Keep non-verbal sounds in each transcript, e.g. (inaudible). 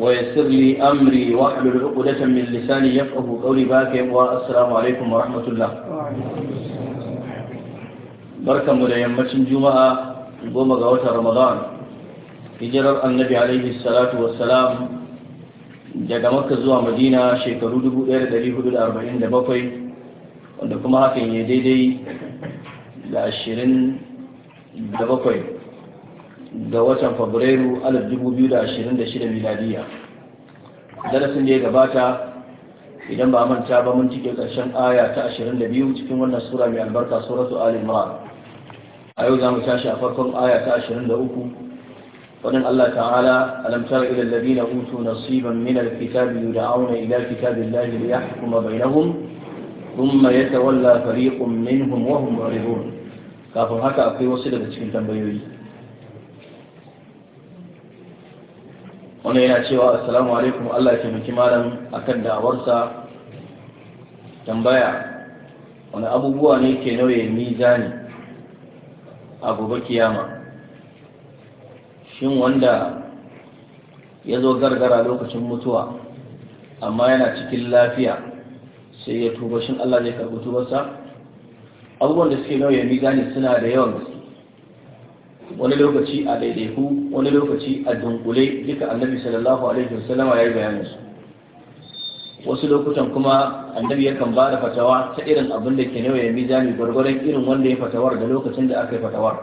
ويسر لي أمري واحلل عقدة من لساني يفقه قولي باكي والسلام عليكم ورحمة الله بركة مريم مشن جمعة قوم قوات رمضان hijirar annabi alaihi salatu wassalam daga makka zuwa madina shekaru 1447 wanda kuma hakan ya daidai da 27 ga watan fabrairu 2026 miladiya darasin da ya gabata idan ba manta ba mun cike ƙarshen aya ta 22 cikin wannan sura mai albarka suratu ali imran a yau za mu tashi a farkon aya ta 23 wadin Allah ta'ala alam tara ila alladhina utu nasiban min alkitabi yud'auna ila kitabillahi liyahkuma bainahum thumma yatawalla fariqun minhum wa hum muridun kafin haka akwai wasu daga cikin tambayoyi Wani yana cewa assalamu alaikum Allah ya taimaki malam akan da'awarsa tambaya wani abubuwa ne ke nauye mizani a gobe kiyama shin wanda ya zo gargara lokacin mutuwa amma yana cikin lafiya sai ya tuba shin Allah zai karbi tubarsa abubuwan da suke ni mizani suna da yawan gaske wani lokaci a daidaiku wani lokaci a dunkule duka annabi sallallahu alaihi wasallama ya yi bayanin su wasu lokutan kuma annabi yakan ba da fatawa ta irin abin da ke nawa ya mizani gwargwaron irin wanda ya fatawar da lokacin da aka yi fatawar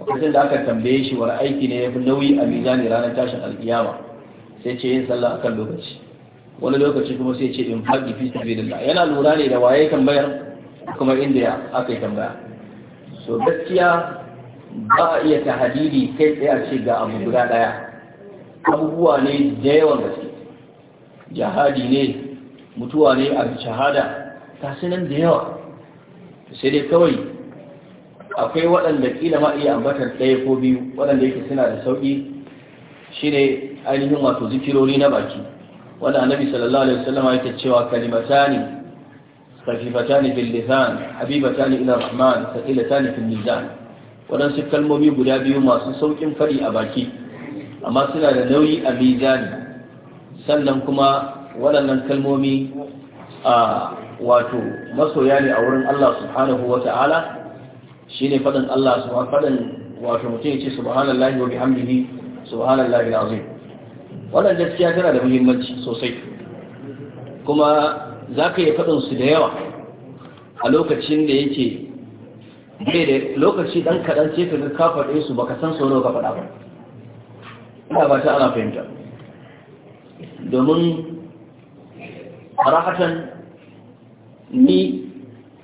lokacin da aka tambaye shi wani aiki ne ya fi nauyi a mizani ranar tashin alkiyama sai ce yin sallah akan lokaci wani lokaci kuma sai ce in faɗi fi sabilillah yana lura ne da waye tambayar kuma inda aka yi tambaya so gaskiya ba a iya tahadidi kai tsaye a shiga abu guda daya abubuwa ne da yawan gaske jihadi ne mutuwa ne a shahada ta nan da yawa sai dai kawai akwai waɗanda ƙila ma iya ambatar ɗaya ko biyu waɗanda yake suna da sauƙi Shi ne ainihin wato zikirori na baki wanda annabi sallallahu alaihi wasallam yake cewa kalimatani خفيفتان في اللسان حبيبتان إلى الرحمن ثقيلتان في الميزان waɗansu kalmomi guda biyu masu sauƙin faɗi a baki amma suna da nauyi a mizani sannan kuma waɗannan kalmomi a wato masoya ne a wurin Allah subhanahu wa ta'ala shi ne faɗin Allah su faɗin wato mutum ya ce subhanallahi wa bihamdihi subhanallahi azim wannan gaskiya tana da muhimmanci sosai kuma za ka yi faɗin su da yawa a lokacin da yake bai da lokaci dan kaɗan ce ka ka faɗe su baka san sau ka faɗa ba ina ba ta ana fahimta domin rahatan ni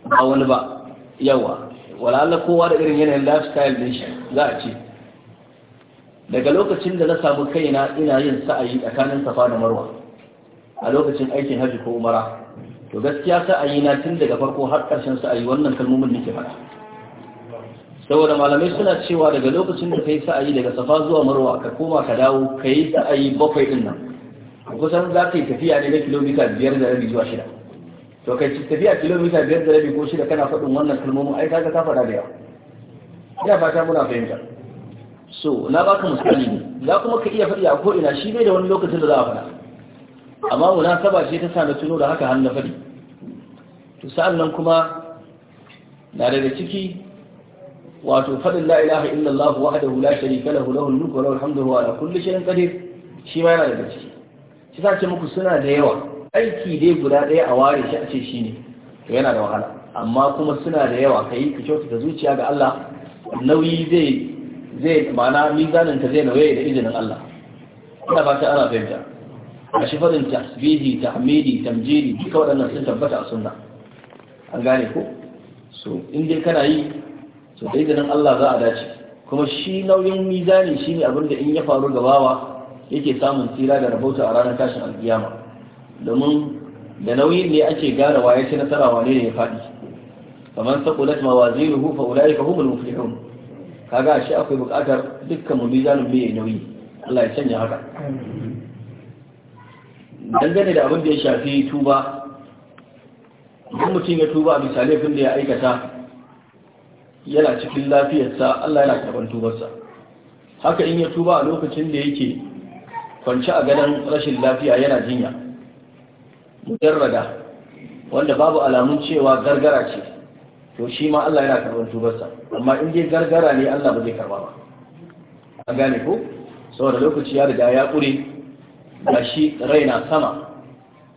ba wani ba yawa wala'alla kowa da irin yanayin lifestyle din shi za a ce daga lokacin da na samu kaina ina yin sa'ayi tsakanin safa da marwa a lokacin aikin hajji ko umara to gaskiya sa'ayi na tun daga farko har ƙarshen sa'ayi wannan kalmomin nake faɗa saboda malamai suna cewa daga lokacin da ka yi sa'ayi daga safa zuwa marwa ka koma ka dawo ka yi sa'ayi bakwai din nan kusan za ka yi tafiya ne na kilomita biyar da rabi zuwa shida to kai tafiya kilomita biyar da rabi ko shida kana faɗin wannan kalmomin ai ga ka faɗa da yawa ina fata muna fahimta so na baka misali ne za kuma ka iya faɗi a ko ina shi bai da wani lokacin da za a faɗa amma saba ce ta sa na tuno da haka hannu faɗi to sa'an nan kuma na daga ciki wato faɗin la ilaha illallah wahdahu la sharika lahu lahul mulku wa lahul hamdu ala kulli shay'in shi ma yana daga ciki shi ta ce muku suna da yawa aiki dai guda ɗaya a ware shi a ce shine to yana da wahala amma kuma suna da yawa yi ka da zuciya ga Allah nauyi zai zai ma'ana mizanin ta zai nauye da izinin Allah ina fata ana fahimta a shi faɗin tasbihi tahmidi tamjidi duka waɗannan sun tabbata a sunna an gane ko so in dai kana yi so dai ganin Allah za a dace kuma shi nauyin mizani shine abin da in ya faru ga bawa yake samun tsira da rabauta a ranar tashin alkiyama domin da nauyin ne ake gane wa ce nasara wane ne ya fadi kamar saqulat mawazinuhu fa ulaika humul muflihun kaga shi akwai bukatar dukkan mu mizanin mai nauyi Allah ya canja haka dangane da abin da ya shafi tuba mutum ya tuba a misali laifin da ya aikata yana cikin lafiyarsa Allah yana karɓar tubarsa haka in ya tuba a lokacin da yake kwanci a gadon rashin lafiya yana jinya mujarrada wanda babu alamun cewa gargara ce to shi ma Allah yana karɓar tubarsa amma in dai gargara ne Allah ba zai karɓa ba A gane ko saboda lokaci ya riga ya ƙure ga shi raina sama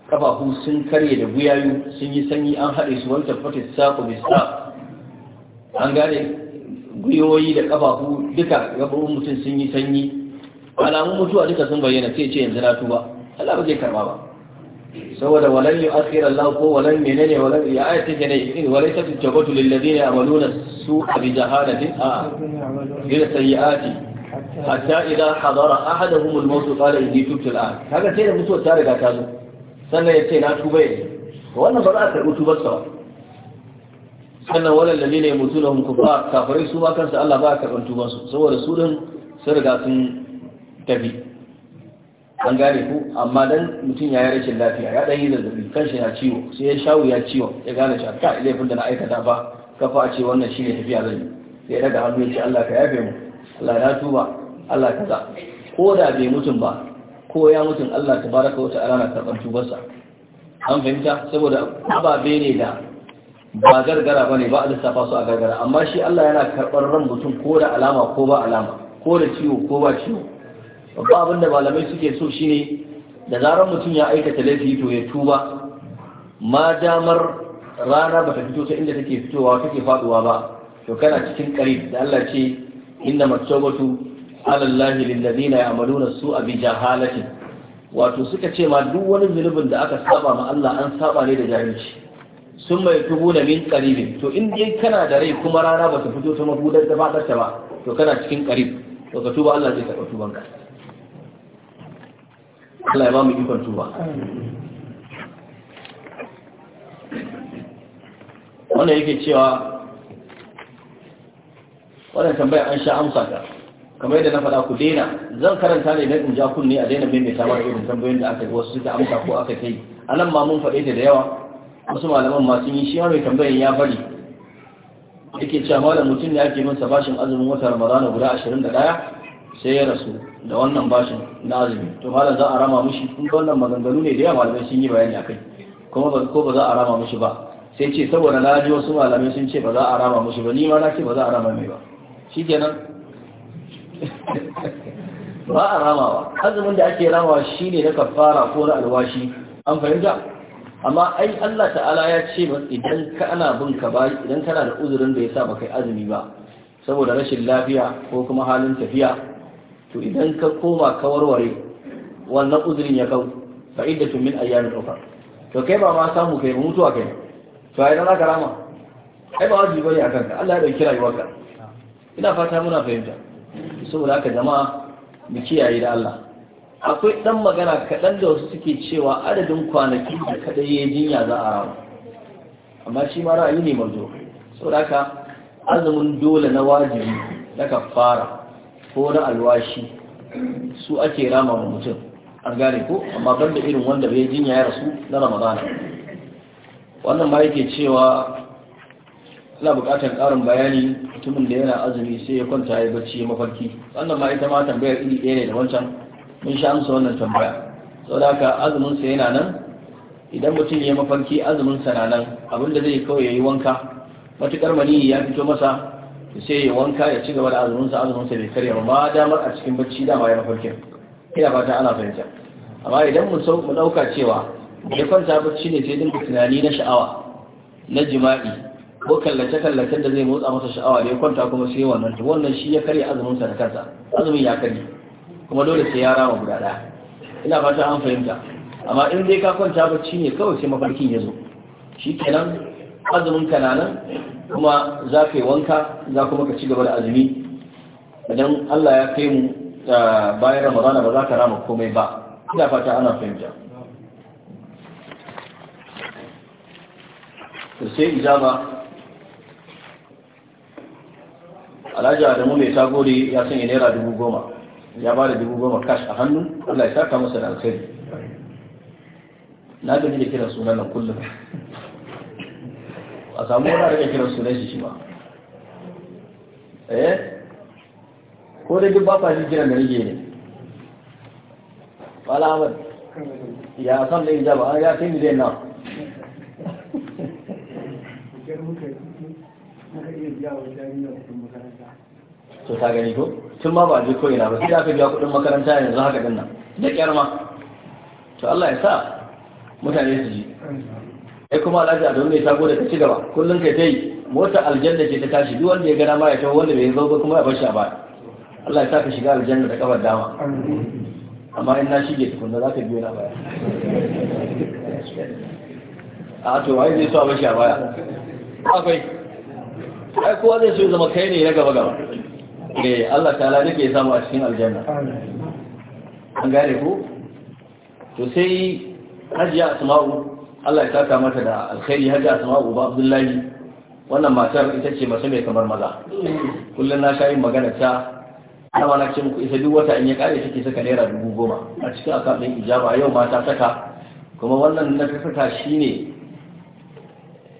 kafafu sun karye da guyayu sun yi sanyi an haɗe su wanta fatis saƙo bisa an gane gwiwoyi da kafafu duka gaɓoɓin mutum sun yi sanyi alamun mutuwa duka sun bayyana sai ce yanzu na tuba Allah ba zai karba ba saboda walan yi akhir Allah ko walan menene walan ya ayat take ne in walai ta tabatu lil ladina amaluna su'a bi jahalatin a ila sayyiati hatta idza hadara ahaduhum al maut qala inni tubtu al kaga sai da mutuwa ta riga ta zo sannan ya ce na tuba yanzu wannan ba za a karɓi tubar sa ba sannan wannan lalina ne mutu na hunkufa kafirai su ma kansa Allah ba ya karban tubansu saboda su din sun riga sun tafi an gane ku amma dan mutum ya yi rashin lafiya ya dan yi zazzabi kanshi ya ciwo sai ya shawo ya ciwo ya gane cewa ka laifin da na aikata ba kafa a ce wannan shi tafiya zan sai ya daga hannu ya ce Allah ka yafe mu Allah ya tuba Allah kaza ko da bai mutum ba ko ya mutum Allah tabaraka wa ta'ala na karban tubarsa an fahimta saboda ababe ne da ba gargara bane ba a lissafa su a gargara amma shi Allah yana karɓar ran mutum ko da alama ko ba alama ko da ciwo ko ba ciwo Ba abinda malamai suke so shine da zarar mutum ya aikata laifi to ya tuba ma damar rana ba ta fito ta inda take fitowa take faduwa ba to kana cikin kari da Allah ce inna matawbatu ala llahi lil ladina ya'maluna su'a bi jahalatin wato suka ce ma duk wani zulubin da aka saba ma Allah an saba ne da jahilci sun mai tubu da min karibin to in dai kana da rai kuma rana ba ta fito ta mabudar da fadar ta ba to kana cikin karib to ka tuba Allah zai karɓa tuban ka Allah ya ba mu ikon tuba wannan yake cewa wannan tambayar an sha amsa ta kamar yadda na faɗa ku daina zan karanta ne don in ja kunne a daina mai mara irin tambayoyin da aka yi wasu suka amsa ko aka kai a nan ma mun faɗe da yawa wasu malaman masu yi shi ma mai tambayin ya bari yake cewa malam mutum ne ake masa bashin azumin wata ramadana guda ashirin da ɗaya sai ya rasu da wannan bashin na azumi to malam za a rama mushi kun wannan maganganu ne da yawa malamai sun yi bayani kai kuma ba ko ba za a rama mushi ba sai ce saboda na ji wasu malamai sun ce ba za a rama mushi ba ni ma na ce ba za a rama mai ba kenan (laughs) ba a rama ba. azumin da ake ramawa shine na kafara ko na alwashi an fahimta amma ai Allah ta'ala ya ce idan ana bin ka ba idan kana da uzurin da yasa baka yi azumi ba saboda rashin lafiya ko kuma halin tafiya to idan ka koma ka warware wannan uzurin ya kau fa iddatun min ayyamin ukhra to kai ba ma samu kai mutuwa kai to ai dana karama rama ba wajibi bane akan ka Allah ya dauki ka. ina fata muna fahimta saboda haka jama'a mu kiyaye da Allah akwai ɗan magana kaɗan da wasu suke cewa adadin kwanaki da kaɗai ya jinya za a rama amma shi ma ra'ayi ne mazo saboda haka azumin dole na wajibi na kafara ko na alwashi su ake rama wa mutum an gane ko amma ban da irin wanda bai jinya ya rasu na ramadana wannan ma yake cewa ana buƙatar ƙarin bayani mutumin da yana azumi sai ya kwanta ya bacci mafarki wannan ma ita ma tambayar iri ɗaya ne da wancan mun sha amsa wannan tambaya da haka azumin sa yana nan idan mutum ya mafarki azumin sa na nan abinda zai kawai yi wanka matuƙar maniyi ya fito masa to sai ya wanka ya ci gaba da azumin sa azumin sa bai karya ba ma damar a cikin bacci dama ya mafarkin ina fata ana fahimta amma idan mu sau mu ɗauka cewa ya kwanta bacci ne sai dinka tunani na sha'awa na jima'i ko kallace-kallacen da zai motsa masa sha'awa da ya kwanta kuma sai wannan to wannan shi ya karya azumin sa da kansa azumin ya karye kuma dole sai ya rama guda ɗaya ina fata an fahimta amma in dai ka kwanta bacci ne kawai sai mafarkin ya zo shi kenan azumin ka na nan kuma za ka yi wanka za kuma ka ci gaba da azumi idan Allah ya kai mu bayan ramadana ba za ka rama komai ba ina fata ana fahimta sai ijaba alhaji adamu mai tagore ya sanya naira dubu goma ya ba da dubu goma cash a hannu Allah ya saka masa da alkhairi na gani da kiran sunan nan kullum a samu wani rage kiran sunan shi shi ba eh ko da duk ba fa shi kiran da rage ne wala amal ya san da ijaba an ya kai miliyan nawa to ta gani ko tun ma ba a je ko ina ba sai aka biya kuɗin makaranta yanzu haka nan da kyar ma to Allah ya sa mutane su ji ai kuma alhaji a domin ta gode ka ci gaba kullum kai ta yi Mota aljanna ce ta tashi duk wanda ya gana ma ya tawo wanda bai zo ba kuma ya bashi a baya Allah ya sa ka shiga aljanna da kafar dama amma in na shige tukunna za ka biyo na baya a to wai zai so a bashi a baya akwai ai kowa zai so zama kai ne na gaba gaba ne eh, Allah ta'ala nake ya samu a cikin aljanna an gane ku to sai hajiya asma'u Allah ya taka mata da alkhairi hajiya asma'u ba Abdullahi wannan matar ita ce masu mai kamar maza kullum na sha yin magana ta ana na ce muku isa duk wata in ya kare take saka naira dubu goma a cikin akabin ijaba yau ma ta saka kuma wannan na ta saka shine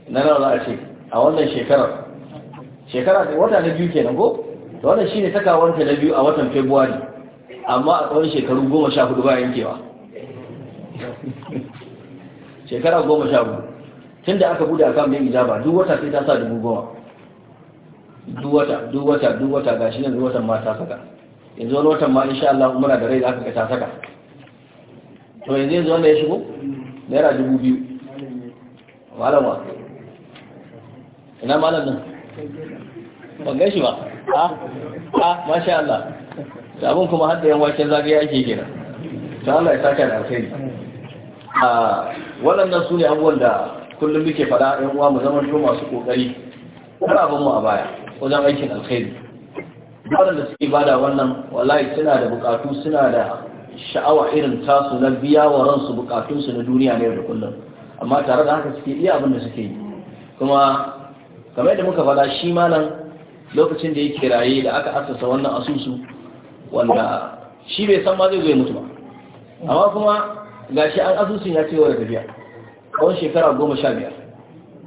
na nawa za a ce a wannan shekarar shekara wata na biyu kenan ko to shi ne sakawanta na biyu a watan februari amma a tsawon shekaru goma sha hudu ba yankewa shekara goma sha hudu tun da aka bude kan din ijaba duk wata sai ta sa dubu goma duk wata duk wata duk wata ne duk watan ma ta saka yanzu wani watan ma insha Allah umara da rai za ka ga ta saka to yanzu yanzu wanda ya shigo naira dubu biyu malam wa ina malam nan ban gaishe ba a masha Allah abin kuma har da yan waken zagaya ake gina ta Allah ya saka da alkhairi a waɗannan sune abubuwan da kullum muke faɗa yan uwa mu zama masu kokari abin mu a baya wajen aikin alkhairi waɗanda suke bada wannan wallahi suna da bukatu suna da sha'awa irin tasu na biya wa ransu bukatunsu na duniya ne da kullum amma tare da haka suke iya abin da suke yi kuma kamar yadda muka faɗa shi malam lokacin da yake raye da aka asasa wannan asusu wanda shi bai san ma zai zo mutu ba amma kuma ga shi an asusun ya cewa da tafiya kawon shekara goma sha biyar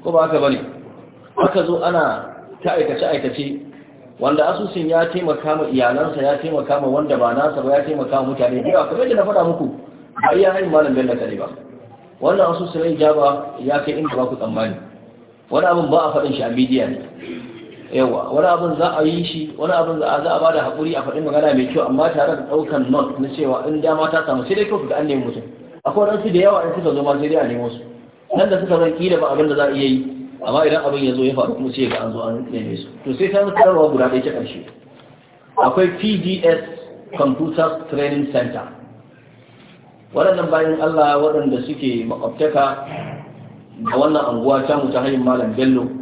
ko ba haka bane aka zo ana ta aikace aikace wanda asusun ya taimaka ma iyalansa ya taimaka ma wanda ba nasa ba ya taimaka ma mutane biya kuma kamar yadda na faɗa muku ba iya hain malam bello kare ba wannan asusun ya jaba ya kai inda ba ku tsammani wani abin ba a faɗin shi a bidiyan ne yawa wani abin za a yi shi wani abin za a ba da haƙuri a faɗin magana mai kyau amma tare da ɗaukan not na cewa in dama ta samu sai dai kyau fita an nemi mutum akwai wadansu da yawa in suka zo ma sai dai a nemo su nan da suka zan kila ba abin da za a iya yi amma idan abin ya zo ya faru kuma sai ga an zo an neme su to sai ta mutarwa guda ɗaya ta ƙarshe akwai PDS, Computer Training Center waɗannan bayan Allah waɗanda suke makwabtaka da wannan anguwa ta mu ta hanyar Malam Bello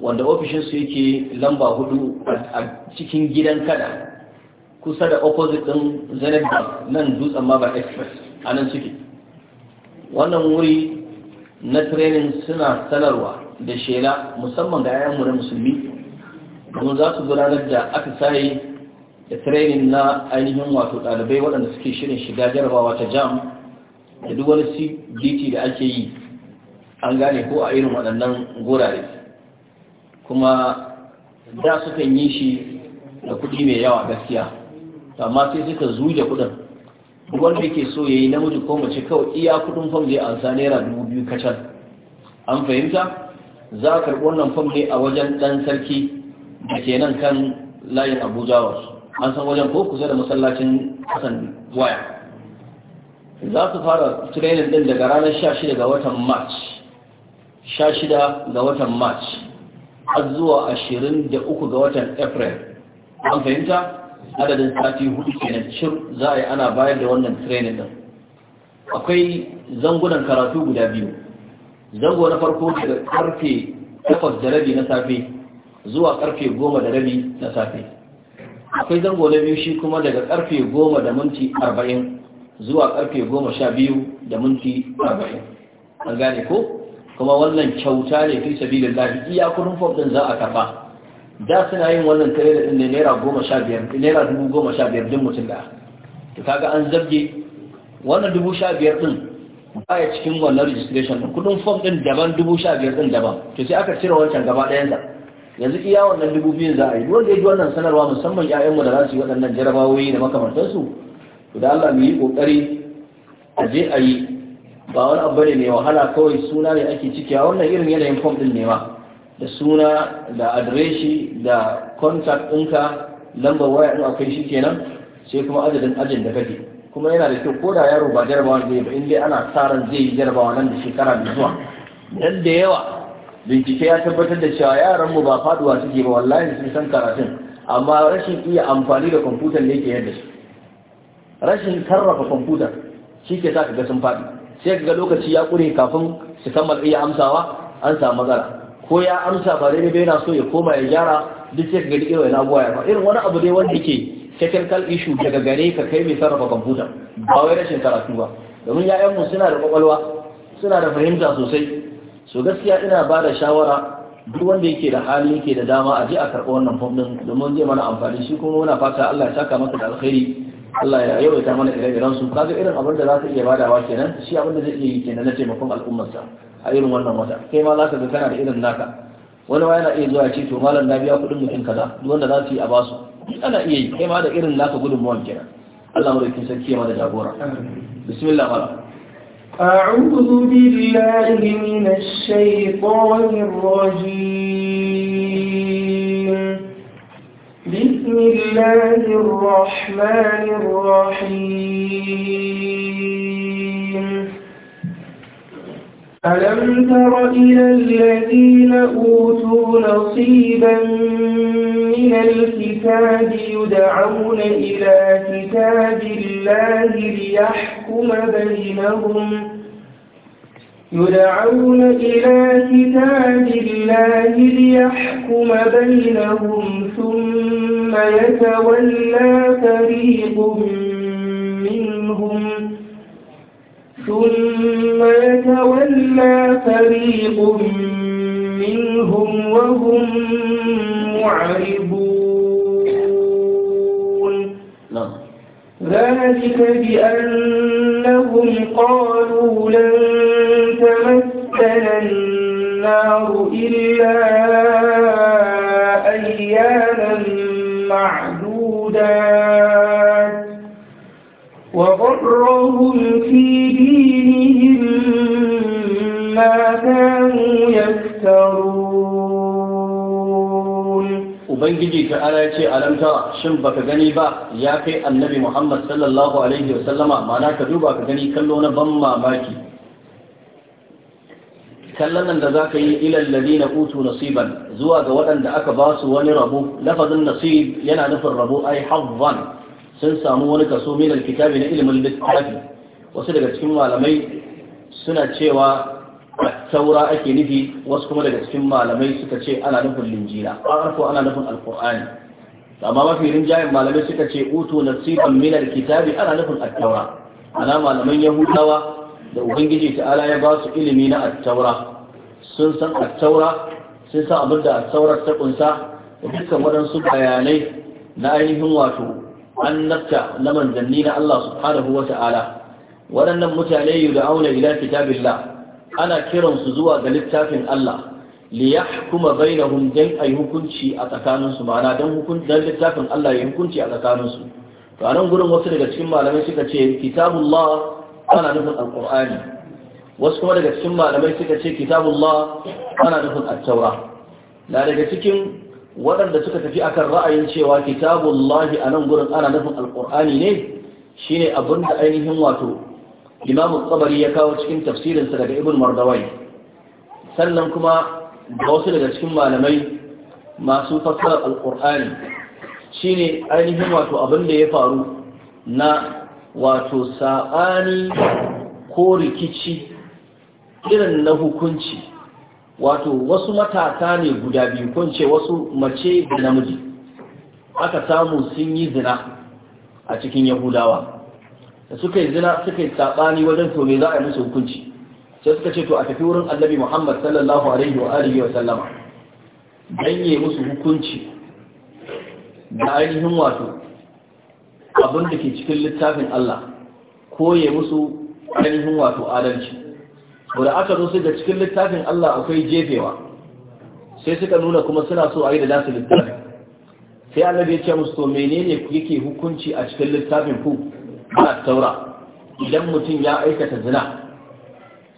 wanda ofishinsu yake lamba hudu a cikin gidan kada kusa da opposite din zanabi nan dutsen mabar express a nan suke wannan wuri na training suna sanarwa da shela musamman ga 'ya'yanmu na musulmi domin za su gudanar da aka sayi da training na ainihin wato dalibai waɗanda suke shirin shiga jarabawa ta jam da duk wani cdt da ake yi an gane ko a irin waɗannan gurare kuma da sukan yi shi da kuɗi mai yawa gaskiya amma sai suka zuge kuɗin wanda ke so ya yi namiji ko mace kawai iya kuɗin fam zai ansa naira dubu biyu kacal an fahimta za a karɓi wannan fam ne a wajen ɗan sarki da ke nan kan layin abuja wasu an san wajen ko kusa da masallacin kasan waya za su fara training din daga ranar 16 ga watan march 16 ga watan march har zuwa ashirin da uku ga watan april an fahimta adadin sati hudu kenan cin za a yi ana bayar da wannan training din akwai zangunan karatu guda biyu zango na farko daga karfe 8 da rabi na safe zuwa karfe 10 da rabi na safe akwai zango na biyu shi kuma daga karfe goma da minti 40 zuwa karfe 12 da minti arba'in an gane ko kuma wannan kyauta ne fi sabilillahi iya kudin fob din za a karba. da suna yin wannan kare da ɗin naira goma sha biyar naira dubu goma sha biyar din mutum da to kaga an zabge wannan dubu sha biyar din baya cikin wannan registration din kudin form din daban dubu sha biyar din daban to sai aka cire wancan gaba ɗayan da yanzu iya wannan dubu biyun za a yi wanda ya ji wannan sanarwa musamman ƴaƴanmu da za su yi waɗannan jarabawoyi da makamantansu to da Allah mu yi ƙoƙari a je a yi ba wani abu ne mai wahala kawai suna ne ake ciki a wannan irin yanayin fom din ne ma da suna da adireshi da kontak ɗinka lambar waya ɗin akwai shi kenan sai kuma adadin ajin da kake kuma yana da kyau ko da yaro ba jarabawa zai ba in dai ana sa ran zai yi jarabawa nan da shekara da zuwa nan da yawa bincike ya tabbatar da cewa yaran mu ba faduwa suke ba wallahi sun san karatun amma rashin iya amfani da kwamfutar ne ke yadda su rashin sarrafa kwamfutar shi ke sa ka ga sun faɗi sai ga lokaci ya ƙure kafin su kammala iya amsawa an samu matsala ko ya amsa ba daidai bai na so ya koma ya gyara duk sai ka ga duk irin abuwa ya ba irin wani abu dai wanda ke technical issue daga gare ka kai mai sarrafa kwamfuta ba wai rashin karatu ba domin ya'yanmu suna da kwakwalwa suna da fahimta sosai so gaskiya ina ba da shawara duk wanda yake da hali yake da dama a je a karɓi wannan fom ɗin domin zai mana amfani shi kuma muna fata Allah ya saka maka da alkhairi Allah ya yawaita mana ire-iren su kaga irin abin da za ka iya badawa kenan shi abin da zai iya yi kenan na taimakon al'ummarsa a irin wannan wata kai ma za ka ga kana da irin naka wani ma yana iya zuwa ce to malam na biya kuɗin mutum kaza duk wanda za su yi a basu ana iya yi kai ma da irin naka gudunmuwan kenan Allah mu rikin sarki ma da jagora bismillah mala أعوذ بالله من الشيطان الرجيم بسم الله الرحمن الرحيم ألم تر إلى الذين أوتوا نصيبا من الكتاب يدعون إلى كتاب الله ليحكم بينهم يدعون إلى كتاب الله ليحكم بينهم ثم يتولى فريق منهم ثم يتولى فريق منهم وهم معرضون نعم. ذلك بأنهم قالوا لن مسنا النار إلا أياما معدودات وغرهم في دينهم ما كانوا يفترون Ubangiji ta'ala ya ce alamta shin baka gani ba ya kai annabi Muhammad sallallahu alaihi mana ka duba ka gani kallo na ban mamaki kallon nan da za ka yi ilal ladina utu nasiban zuwa ga waɗanda aka ba su wani rabo lafazin nasib yana nufin rabo ai hazzan sun samu wani kaso min alkitabi na ilimin littafi wasu daga cikin malamai suna cewa taura ake nufi wasu kuma daga cikin malamai suka ce ana nufin linjila ko ana nufin alqur'ani amma mafi rinjayen malamai suka ce utu nasiban min alkitabi ana nufin at-taura ana malaman yahudawa da ubangiji ta'ala ya ba su ilimi na attaura sun san attaura sun san abin da attaura ta kunsa da dukkan waɗansu bayanai na ainihin wato annabta na manzanni na Allah subhanahu wa ta'ala waɗannan mutane yi da auna ila kitabillah ana kiransu zuwa ga littafin Allah li yahkuma bainahum dan ay hukunci a tsakaninsu ma'ana dan hukunci dan littafin Allah ya hukunci a tsakaninsu to gurin wasu daga cikin malamai suka ce kitabullah ana nufin alqur'ani wasu kuma daga cikin malamai suka ce kitabullah ana nufin attaura, na daga cikin waɗanda suka tafi akan ra'ayin cewa kitabullahi a nan gurin ana nufin Al'ƙur'ani ne shine abin da ainihin wato imamu tsabari ya kawo cikin tafsirinsa daga ibn mardawai sannan kuma da wasu daga cikin malamai masu fassarar alqur'ani shine ainihin wato abin da ya faru na wato sa'ani ko rikici irin na hukunci wato wasu matata ne guda biyu kunce wasu mace da namiji aka samu sun yi zina a cikin yahudawa da suka yi zina suka yi saɓani wajen to me za a yi musu hukunci sai suka ce to a tafi wurin annabi muhammad sallallahu alaihi wa alihi wa sallama dan yi musu hukunci da ainihin wato abin da ke cikin littafin allah ko ya musu ainihin wato adalci ko da aka zo sai ga cikin littafin Allah akwai jefewa sai suka nuna kuma suna so a yi da nasu littafin sai annabi ya ce musu to menene yake hukunci a cikin littafin ku ba taura idan mutum ya aikata zina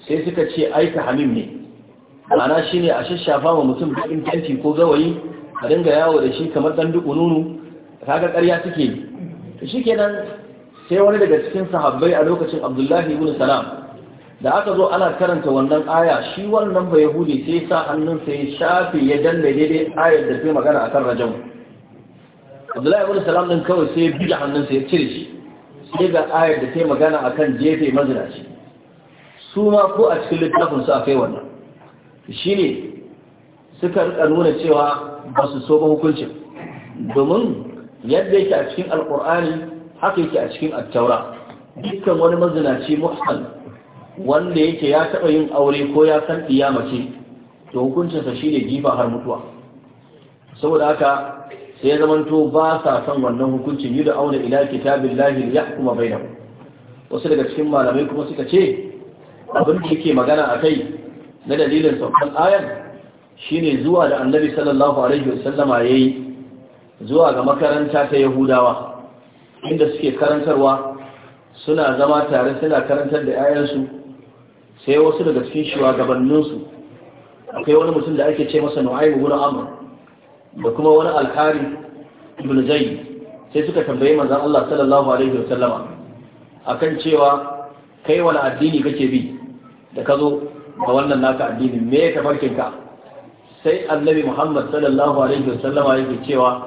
sai suka ce aika hamim ne ma'ana shine a shashafa wa mutum da tanti ko gawayi a dinga yawo da shi kamar dan duk nunu kaga ƙarya suke yi shikenan sai wani daga cikin sahabbai a lokacin Abdullahi ibn Salam da aka zo ana karanta wannan aya shi wannan ba yahudi sai sa hannunsa ya shafi ya danne daidai ayar da ke magana akan rajam abdullahi ibn salam din kawai sai ya hannun hannunsa ya cire shi sai ga ayar da ke magana akan jefe mazinaci su ma ko a cikin littafin su akai wannan Shi ne suka rika nuna cewa ba su so ba hukuncin domin yadda yake a cikin alkur'ani haka yake a cikin attaura dukkan wani mazinaci muhsan wanda yake ya taɓa yin aure ko ya san ɗiya mace to hukuncinsa shi ne jifa har mutuwa saboda haka sai ya zamanto ba sa son wannan hukuncin yi da auna ila kitabin lahir ya kuma bai wasu daga cikin malamai kuma suka ce abin da yake magana a kai na dalilin saukan shi shine zuwa da annabi sallallahu alaihi wasallama ya yi zuwa ga makaranta ta yahudawa inda suke karantarwa suna zama tare suna karantar da 'ya'yansu sai wasu daga cikin shugabanninsu akwai wani mutum da ake ce masa nu'aymu ibn Amur, da kuma wani alkari ibn zai sai suka tambayi manzan Allah sallallahu alaihi wasallama akan cewa kai wani addini kake bi da ka zo da wannan naka addini me ya tafarkin ka sai annabi Muhammad sallallahu alaihi wasallama yake cewa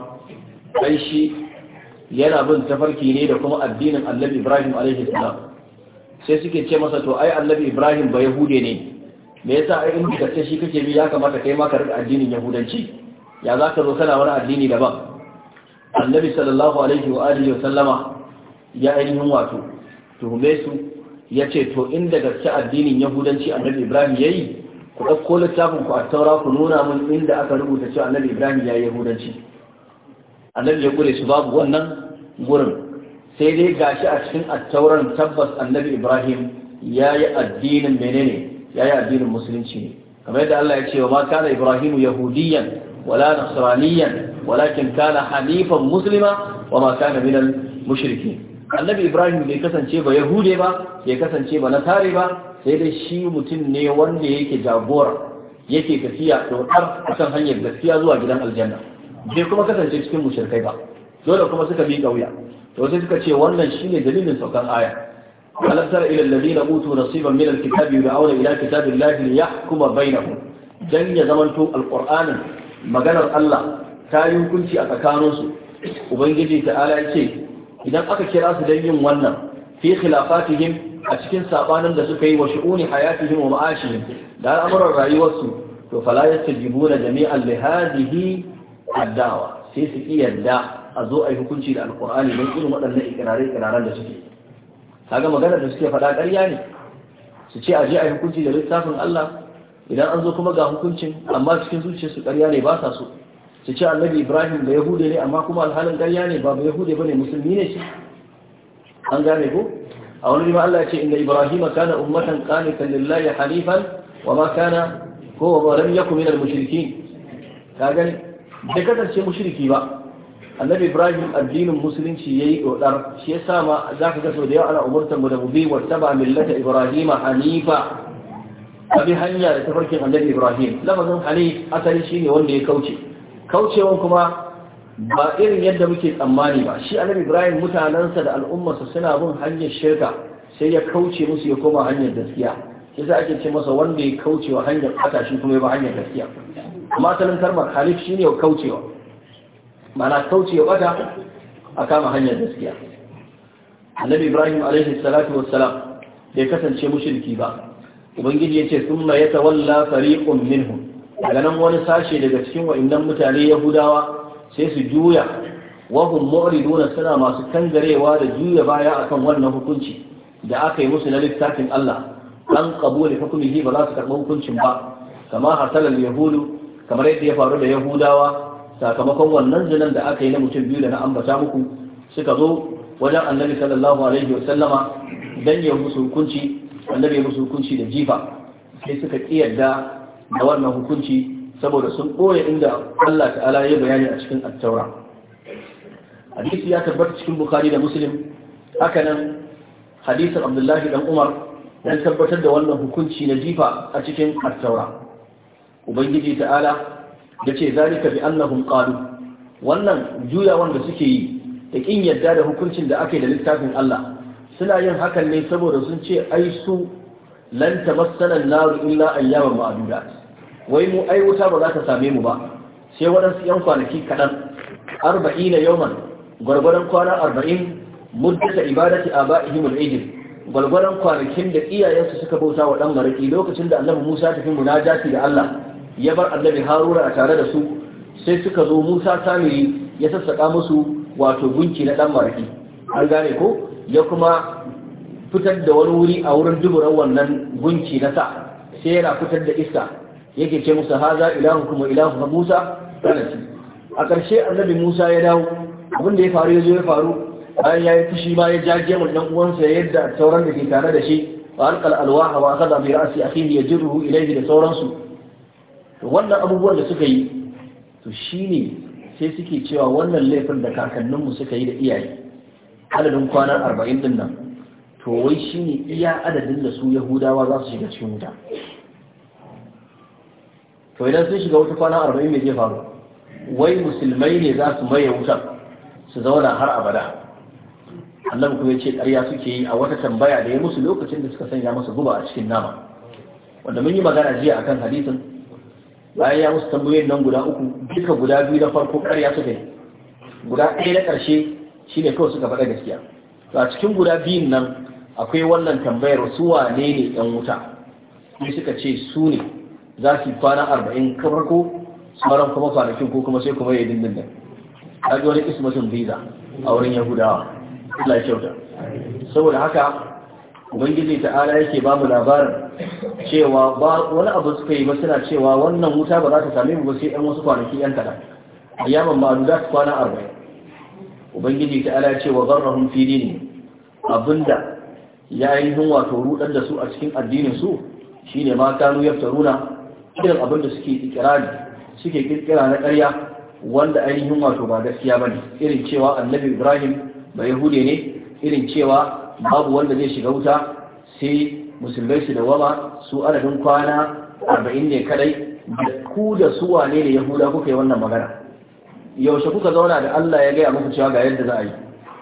kai shi yana bin tafarki ne da kuma addinin annabi Ibrahim alaihi sai suke ce masa to ai annabi ibrahim ba yahude ne me yasa ai inda kace shi kake bi ya kamata kai ma ka rika addinin yahudanci ya za ka zo kana wani addini daban annabi sallallahu alaihi wa alihi wa sallama ya ainihin wato tuhume su ya ce to inda da gaske addinin yahudanci annabi ibrahim ya yi? ku ɗauko littafin ku a taura ku nuna mun inda aka rubuta cewa annabi ibrahim ya yi yahudanci annabi ya kure su babu wannan gurin sai dai gashi a cikin attauran tabbas annabi ibrahim ya yi addinin menene ya yi addinin musulunci ne kamar yadda allah ya ce wa ma kana ibrahim yahudiyan wala nasraniyan walakin kana hanifan muslima wa ma kana minal mushriki annabi ibrahim bai kasance ba yahude ba bai kasance ba nasare ba sai dai shi mutum ne wanda yake jagora yake tafiya ɗaukar kusan hanyar gaskiya zuwa gidan aljanna bai kuma kasance cikin mushrikai ba dole kuma suka bi kauya to sai suka ce wannan shine dalilin saukar aya alam tara ila mutu utu nasiban min alkitabi yad'una ila kitabillahi liyahkuma bainahum dan ya zamanto alqur'anin maganar Allah ta yi hukunci a tsakaninsu ubangiji ta'ala ce idan aka kira su don yin wannan fi khilafatihim a cikin sabanin da suka yi wa shu'uni hayatihim wa ma'ashihim da al'amuran rayuwarsu to fala yastajibuna jami'an li hadhihi ad-da'wa sai su yarda a zo a yi hukunci da alkur'ani don irin waɗannan ikirarai ikiraran da suke kaga maganar da suke faɗa ƙarya ne su ce a a yi hukunci da littafin Allah idan an zo kuma ga hukuncin amma cikin zuciya su ƙarya ne ba sa so su ce annabi Ibrahim da Yahude ne amma kuma alhalin ƙarya ne ba ba ne, musulmi ne shi an gane ko a wani rima Allah ya ce inda Ibrahim kana ummatan qanitan lillahi hanifan wa ma kana ko wa lam yakun minal mushrikin ka gani bai kasance mushriki ba annabi ibrahim addinin musulunci yayi dodar shi yasa ma zaka ga sau da yawa ana umurtar mu da mu bi wa taba millata ibrahim hanifa abi hanya da tafarkin annabi ibrahim lafazin hanif asali ne wanda ya kauce kaucewan kuma ba irin yadda muke tsammani ba shi annabi ibrahim mutanansa da al'ummarsa suna bin hanyar shirka sai ya kauce musu ya koma hanyar gaskiya yasa ake ce masa wanda ya kaucewa hanyar kasa shi kuma ya ba hanyar gaskiya amma asalin kalmar hanif shine kaucewa mana kauce bata a kama hanyar gaskiya annabi ibrahim alaihi salatu wassalam bai kasance mushriki ba ubangiji yace thumma yatawalla fariqun minhum daga nan wani sashe daga cikin wa'annan mutane yahudawa sai su juya wahum mu'riduna suna masu kangarewa da juya baya akan wannan hukunci da aka yi musu na littafin Allah an kabuli hukumihi ba za su karɓi hukuncin ba kama hasalar yahudu kamar yadda ya faru da yahudawa sakamakon wannan zinan da aka yi na mutum biyu da na ambata muku suka zo wajen annabi sallallahu alaihi wa sallama dan ya musu hukunci annabi ya musu hukunci da jifa sai suka kiyarda da wannan hukunci saboda sun ɓoye inda Allah ta'ala ya bayani a cikin attaura hadisi ya tabbata cikin bukhari da muslim haka nan hadisin abdullahi dan umar dan tabbatar da wannan hukunci na jifa a cikin attaura ubangiji ta'ala Da ce zalika bi annahum qalu wannan juyawan da suke yi da kin yadda da hukuncin da ake da littafin Allah suna yin hakan ne saboda sun ce ai su lan tamassana an-nar illa ayyaman ma'dudat wai mu ai wuta ba za ta same mu ba sai waɗansu 'yan kwanaki kaɗan arba'ina yawman gwargwaron kwana arba'in muddata ibadati aba'ihimul ijil gwargwaron kwanakin da iyayensu suka bauta wa ɗan maraki lokacin da annabi musa tafi munajati da allah ya bar annabi haruna a tare da su sai suka zo musa samiri ya sassaƙa musu wato gunki na ɗan maraki an gane ko ya kuma fitar da wani wuri a wurin duburan wannan gunki na sa sai yana fitar da iska yake ce musu haza ilahu kuma ilahu musa ranasi a ƙarshe annabi musa ya dawo abin ya faru ya zo ya faru bayan ya yi fushi ma ya jage wa ɗan uwansa yadda sauran da ke tare da shi wa alƙal alwaha wa akhadha a ya ya ruhu ilaihi da sauransu to wannan abubuwan da suka yi to shi ne sai suke cewa wannan laifin da kakanninmu suka yi da iyaye adadin kwanan arba'in din nan to wai shi ne iya adadin da su yahudawa za su shiga cikin wuta to idan sun shiga wuta kwanan arba'in mai jefa ba, wai musulmai ne za su maye wutan su zauna har abada annabi kuma ya ce ƙarya suke yi a wata tambaya da ya musu lokacin da suka sanya masa guba a cikin nama wanda mun yi magana jiya akan hadisin bayan ya musu tambayoyin nan guda uku duka guda biyu na farko ƙarya suka yi guda ɗaya na ƙarshe shi ne kawai suka faɗa gaskiya to a cikin guda biyun nan akwai wannan tambayar su wane ne ɗan wuta kuma suka ce su ne za su kwana arba'in ka farko sauran kuma kwanakin ko kuma sai kuma ya dindin nan ji wani ismatin biza a wurin yahudawa Allah ya kyauta saboda haka ubangiji ta'ala yake ba mu labarin cewa ba wani abu suka yi ba suna cewa wannan wuta ba za ta same mu ba sai ɗan wasu kwanaki ɗan kaɗan yaman ma'adu za su kwana arba'in ubangiji ta'ala ya ce wa fili ne. dini abinda ya ainihin wato rudar da su a cikin addinin su shine ma kanu runa. irin abinda suke ikirari suke kirkira na ƙarya wanda ainihin wato ba gaskiya ba ne. irin cewa annabi ibrahim ba yahude ne irin cewa babu wanda zai shiga wuta sai musulmai su dawama su adadin kwana arba'in ne kadai da ku da su wane ne yahuda kuka yi wannan magana yaushe kuka zauna da Allah ya gaya muku cewa ga yadda za a yi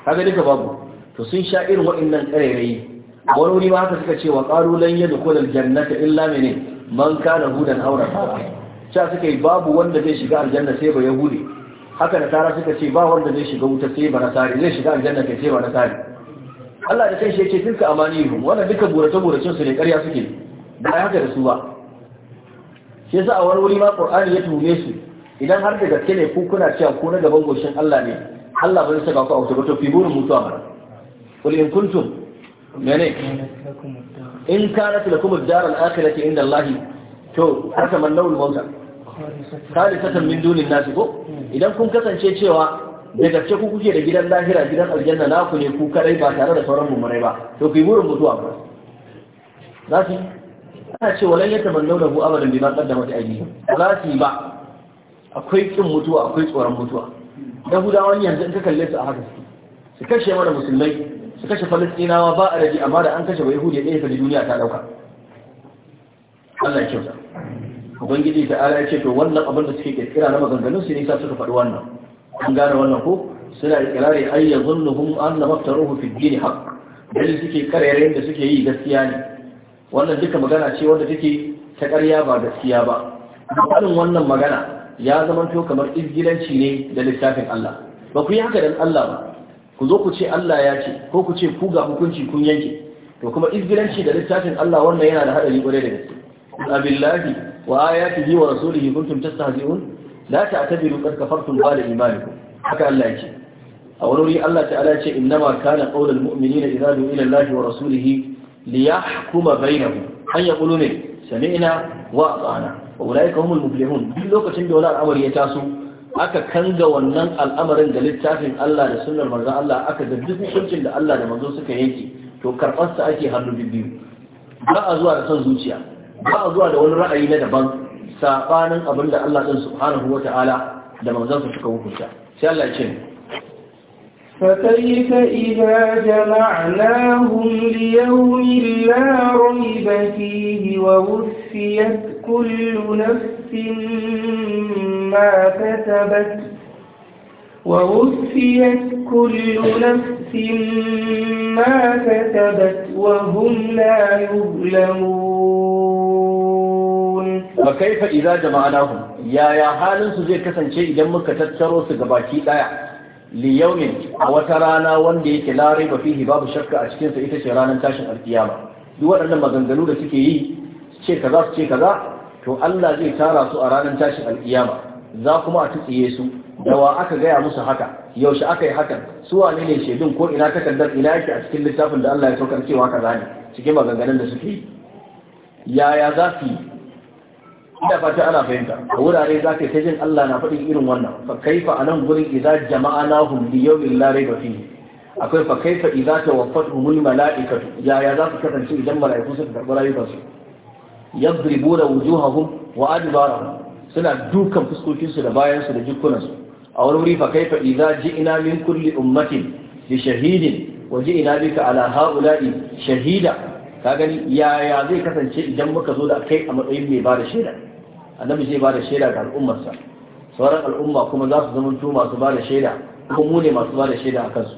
haka duka babu to sun sha irin waɗannan ƙarairayi wani wuri ma haka suka ce wa ƙaru lan yadkhul aljannata illa mene man da hudan auren fara suka yi babu wanda zai shiga aljanna sai ba yahudi haka da tara suka ce ba wanda zai shiga wuta sai ba nasari zai shiga aljanna sai ba nasari Allah da kanshi yake amani amanihum wannan duka burace buracen su ne ƙarya suke ba ya haka da su ba shi yasa a wani wuri ma Qur'ani ya tume su idan har da gaske ne ku kuna cewa ko na gaban goshin Allah ne Allah bai saka ku a wuta ba to fi buru mutuwa ba kul in kuntum mene in kanat lakum ad-dar al-akhirati inda Allah to haka man lawul mauta khalisatan min dunin nasi ko idan kun kasance cewa da gaske ku kuke da gidan lahira gidan aljanna na ku ne ku kadai ba tare da sauran mummunai ba to ku yi burin mutuwa ba za su ana ce walan ya tamannau da ku abadan bi ba kaddama ta aiki za ba akwai kin mutuwa akwai tsoron mutuwa da yahudawan yanzu in ka kalle su a haka su kashe mana musulmai su kashe falastinawa ba a rabi amma da an kashe bai hudu ya ɗaya kaji duniya ta ɗauka Allah ya kyauta ubangiji ta ala ya ce to wannan abin da suke kira na maganganun su ne sa suka faɗi wannan an gane wannan ko suna ikirari ay yazunnuhum anna maftaruhu fi dini haqq suke karerayen da suke yi gaskiya ne wannan duka magana ce wanda take ta ƙarya ba gaskiya ba faɗin wannan magana ya zama to kamar izgilanci ne da littafin Allah ba ku yi haka dan Allah ba ku zo ku ce Allah ya ce ko ku ce ku ga hukunci kun yanke to kuma izgilanci da littafin Allah wannan yana da hadari ƙwarai da gaske abillahi wa ayatihi wa rasulihi kuntum tastahzi'un la ta'tabiru qad kafartum ba'da imanikum haka Allah yake a wani wuri Allah ta'ala ya ce innama kana qawlul mu'minina idza du'u ila Allahi wa rasulihi liyahkuma bainahum an yaqulu ne sami'na wa ata'na wa ulaika humul muflihun duk lokacin da wani al'amari ya taso aka kanga wannan al'amarin da littafin Allah da sunnar manzon Allah aka ga duk hukuncin da Allah da manzo suka yanke to karɓar ake hannu biyu ba a zuwa da son zuciya ba a zuwa da wani ra'ayi na daban sabanin abinda Allah din subhanahu wataala da manzansa suka hukunta sai Allah ya ce فكيف إذا جمعناهم ليوم لا ريب فيه ووفيت كل نفس ما كتبت ووفيت كل نفس ما كتبت وهم لا يظلمون fa kaifa idza jama'nahum yaya halin su zai kasance idan muka tattaro su gabaki daya li yawmin a wata rana wanda yake la raiba fihi babu shakka a cikin sa ita ce ranar tashin alkiyama duk waɗannan maganganu da suke yi ce kaza su ce kaza to Allah zai tara su a ranar tashin alkiyama za kuma a tutsiye su da wa aka gaya musu haka yaushe aka yi hakan su wane ne shaidun ko ina takardar ina yake a cikin littafin da Allah ya saukar cewa kaza ne cikin maganganun da suke yi yaya za su yi ina fata ana fahimta a wurare za ka jin Allah na faɗin irin wannan fa kaifa a nan gurin na hundi yau yawmin larai rayba fihi akwai fa kaifa idza tawaffatuhum al mala'ikatu yaya za su kasance idan mala'iku suka karɓi rayukansu yadribuna wujuhahum wa adbarahum suna dukan fuskokinsu da bayansu da jikunansu a wani wuri fa kaifa ji ina min kulli ummatin bi shahidin wa ina bika ala ha'ula'i shahida ka gani yaya zai kasance idan muka zo da kai a matsayin mai ba da shaida annabi zai bada shaida ga al'ummarsa sauran al'umma kuma za su zama masu bada shaida kuma mu ne masu bada shaida a kansu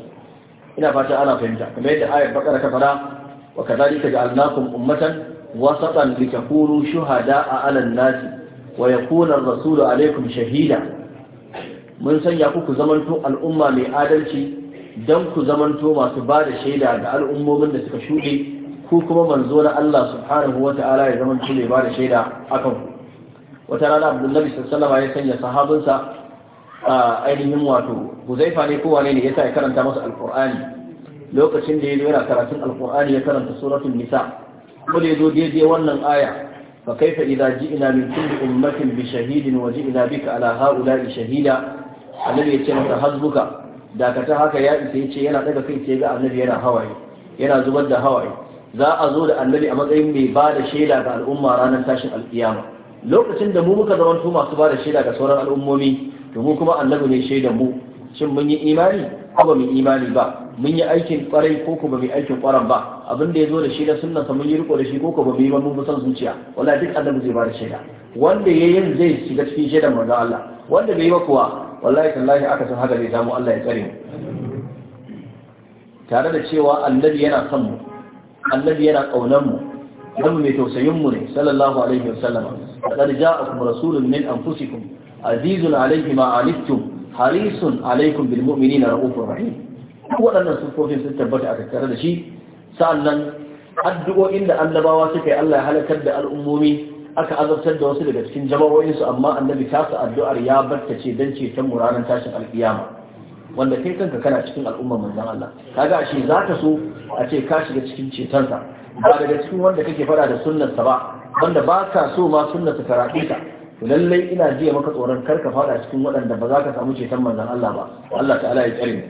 ina fata ana fahimta kamar yadda ayar bakara ta fara wa kadhalika ja'alnakum ummatan wasatan litakunu shuhada a nas wa yakuna ar-rasulu 'alaykum shahida mun sanya ku ku zamanto al'umma mai adalci dan ku zamanto masu bada shaida ga al'ummomin da suka shuɗe ko kuma manzo na Allah subhanahu wa ta'ala ya zamanto mai bada shaida akan ku wata rana abdullahi sallama ya sanya sahabinsa a ainihin wato huzaifa ne ko wane ne ya sa ya karanta masa alkur'ani lokacin da ya zo yana karatun alkurani ya karanta suratun nisa kuma ya zo daidai wannan aya fa kaifa idza ji'na min kulli ummatin bi shahidin wa ji'na bika ala ha'ula'i shahida annabi ya ce masa hasbuka dakata haka ya isa ya ce yana daga kai sai ga annabi yana hawaye yana zubar da hawaye za a zo da annabi a matsayin mai ba da shaida ga al'umma ranar tashin alkiyama lokacin da mu muka zamanto masu ba da shaida ga sauran al'ummomi to mu kuma annabi ne shaida mu shin mun yi imani ko ba mu imani ba mun yi aikin kwarai ko ko ba mu aikin kwaran ba abin da ya zo da shi da sunna sa mun yi riko da shi ko ko ba mu yi ba mun san zuciya wallahi duk annabi zai ba da shaida wanda ya yin zai shiga cikin shaidar manzo Allah wanda bai yi ba kuwa wallahi tallahi aka san haka zai samu Allah ya tsare mu tare da cewa annabi yana son mu annabi yana kaunar mu dan mai tausayin mu ne sallallahu alaihi wasallam لقد جاءكم رسول من أنفسكم عزيز عليه ما عنتم حريص عليكم بالمؤمنين رؤوف رحيم waɗannan sufofin sun tabbata a tattare da shi sa'annan addu'o'in da annabawa suka yi Allah ya halakar da al'ummomi aka azabtar da wasu daga cikin jama'o'insu amma annabi ta su addu'ar ya barta ce don ceton mu ranar tashin alkiyama wanda kai kanka kana cikin al'ummar manzon Allah kaga shi za ka so a ce ka shiga cikin cetonsa ba daga cikin wanda kake fara da sunnarsa ba wanda ba ka so ma sunna ta karaɗe ka to lallai ina jiya maka tsoron kar ka fada cikin waɗanda ba za ka samu ceton manzon Allah ba Allah ta'ala ya tsare mu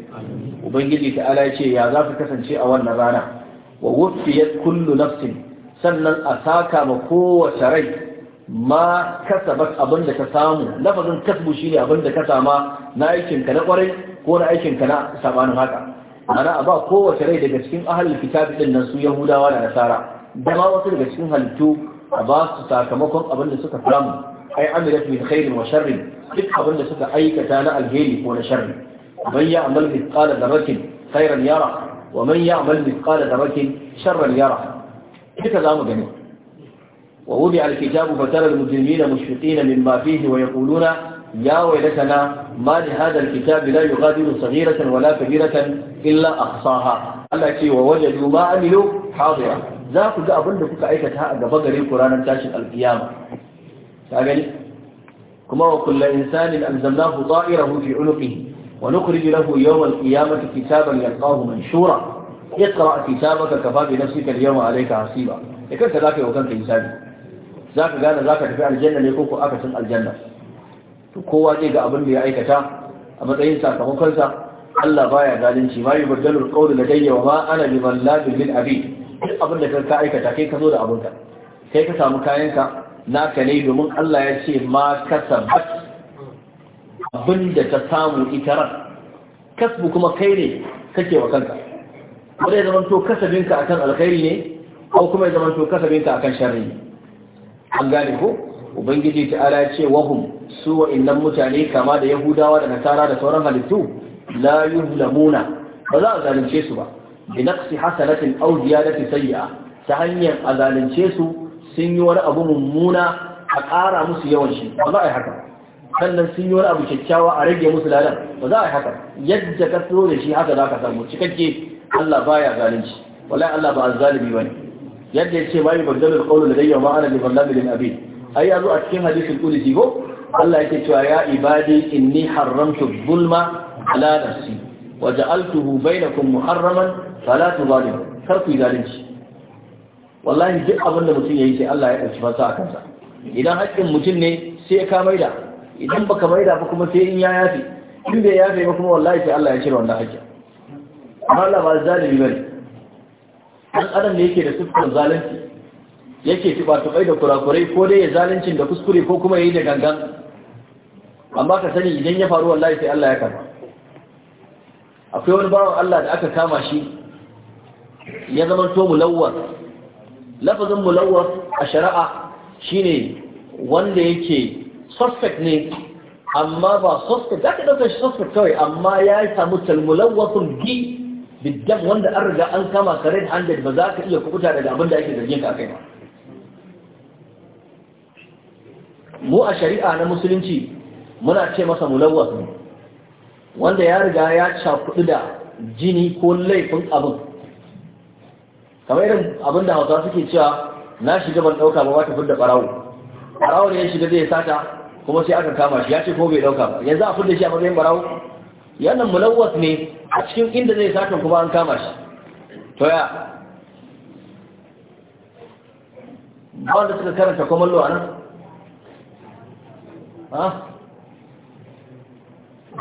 ubangiji ta'ala ya ce ya za ka kasance a wannan rana wa wuffiyat kullu nafsin sannan a saka ma kowace rai ma kasabat abin da ka samu lafazin kasbu shine abin da ka sama na aikin ka na kwarai ko na aikin ka na sabanin haka ana ba kowace rai daga cikin ahalin kitabi din nan su yahudawa da nasara da ma wasu daga cikin halittu a ba su sakamakon abin da suka samu ai amilat min khairin wa sharrin duk abin da suka aikata na alheri ko na sharri man ya'mal mithqala dharratin khairan yara wa man ya'mal mithqala dharratin sharran yara duka zamu gani wa wudi alkitabu fatara almujrimina mushfiqina mimma fihi wa yaquluna يا ويلتنا ما لهذا الكتاب لا يغادر صغيرة ولا كبيرة إلا أحصاها wa ووجدوا ما عملوا حاضرا za ku ga abin da kuka aikata a gaba gare ku ranar tashin alkiyama ta gani kuma wa kullu insanin alzamnahu ta'irahu fi unuqihi wa nukhrij lahu yawm alqiyamati kitaban yalqahu manshura اقرا كتابك كفى بنفسك اليوم عليك حسيبا da kanka za ka yi wa kanka hisabi za ka gane za ka tafi aljanna ne ko ko aka san aljanna to kowa zai ga abin da ya aikata a matsayin sakamakonsa Allah baya zalunci ma yubaddalu alqawlu ladayya wa ma ana bimallabil lil abi duk abin da ka aikata kai ka zo da abinka kai ka samu kayanka naka ne domin Allah ya ce ma kasabat abin da ta samu ita ran kasbu kuma kai ne kake wa kanka wanda ya zama to kasabinka akan alkhairi ne ko kuma ya zama to kasabinka akan sharri ne an gane ko ubangiji ta'ala ya ce wahum su wa'annan mutane kama da yahudawa da nasara da sauran halittu la yuzlamuna ba za a zalunce su ba bi naqsi hasanatin aw ziyadati sayyi'a ta hanyar azalunce su sun yi wani abu mummuna a ƙara musu yawan shi ba za a yi haka sannan sun yi wani abu kyakkyawa a rage musu ladan ba za a yi haka yadda ka so da shi haka za ka samu cikakke Allah baya zalunci wallahi Allah ba zalimi bane yadda ya ce yace bai bagdalul qawlu ladayya ma ana bi ballabi lil abid ai yazo a cikin hadisin kuli ko Allah ya ce cewa ya ibadi inni haramtu zulma ala nafsi wa ja'altuhu bainakum muharraman fala tuzalimu kar ku zalunci wallahi duk abin da mutum yayi sai Allah ya dauki fansa a kansa idan haƙƙin mutum ne sai ka maida idan baka maida ba kuma sai in ya yafe. in bai yafe ba kuma wallahi sai Allah ya cire wannan haƙƙin amma Allah ba zalimi bane dan adam ne yake da sifar zalunci yake tuba-tubai da kurakurai ko dai ya zalincin da kuskure ko kuma yayi da gangan amma ka sani idan ya faru wallahi sai Allah ya karba akwai wani bawan Allah da aka kama shi ya zamanto mulawwar lafazin mulawwar a shari'a shine wanda yake suspect ne amma ba suspect za ka ɗauka shi suspect kawai amma ya yi samu talmulawwafin gi biddam wanda an riga an kama ka red handed ba za ka iya kubuta daga abin da ake zargin ka kai ba mu a shari'a na musulunci muna ce masa mulawwaf wanda ya riga ya cakudu da jini ko laifin abin kamar irin abin da hausa suke cewa na shiga ban ɗauka ba wata fudda farawo. Farawo ne ya shiga zai sata kuma sai aka kama shi ya ce ko bai ɗauka ba yanzu a fudda shi a matsayin ɓarawo yannan mulawwas ne a cikin inda zai sata kuma an kama shi to ya wanda suka karanta kwamallo a nan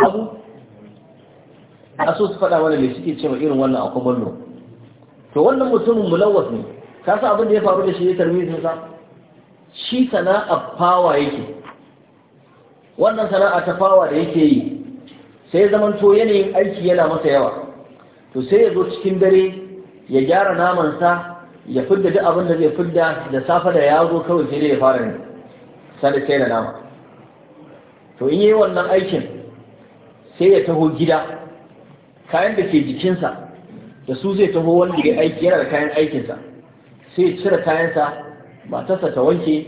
abu a so su faɗa mana mai suke cewa irin wannan a kwaballo to wannan mutumin mulawas ne ka sa abin da ya faru da shi ya sun sa shi sana'a fawa yake wannan sana'a ta fawa da yake yi sai zama to yanayin aiki yana masa yawa to sai ya zo cikin dare ya gyara namansa ya fidda duk abin da zai fidda da safe da ya zo kawai sai ya fara ne sai sai da nama to in yi wannan aikin sai ya taho gida kayan da ke jikinsa da su zai taho wanda ya aiki yana da kayan aikinsa sai cire kayansa matarsa ta wanke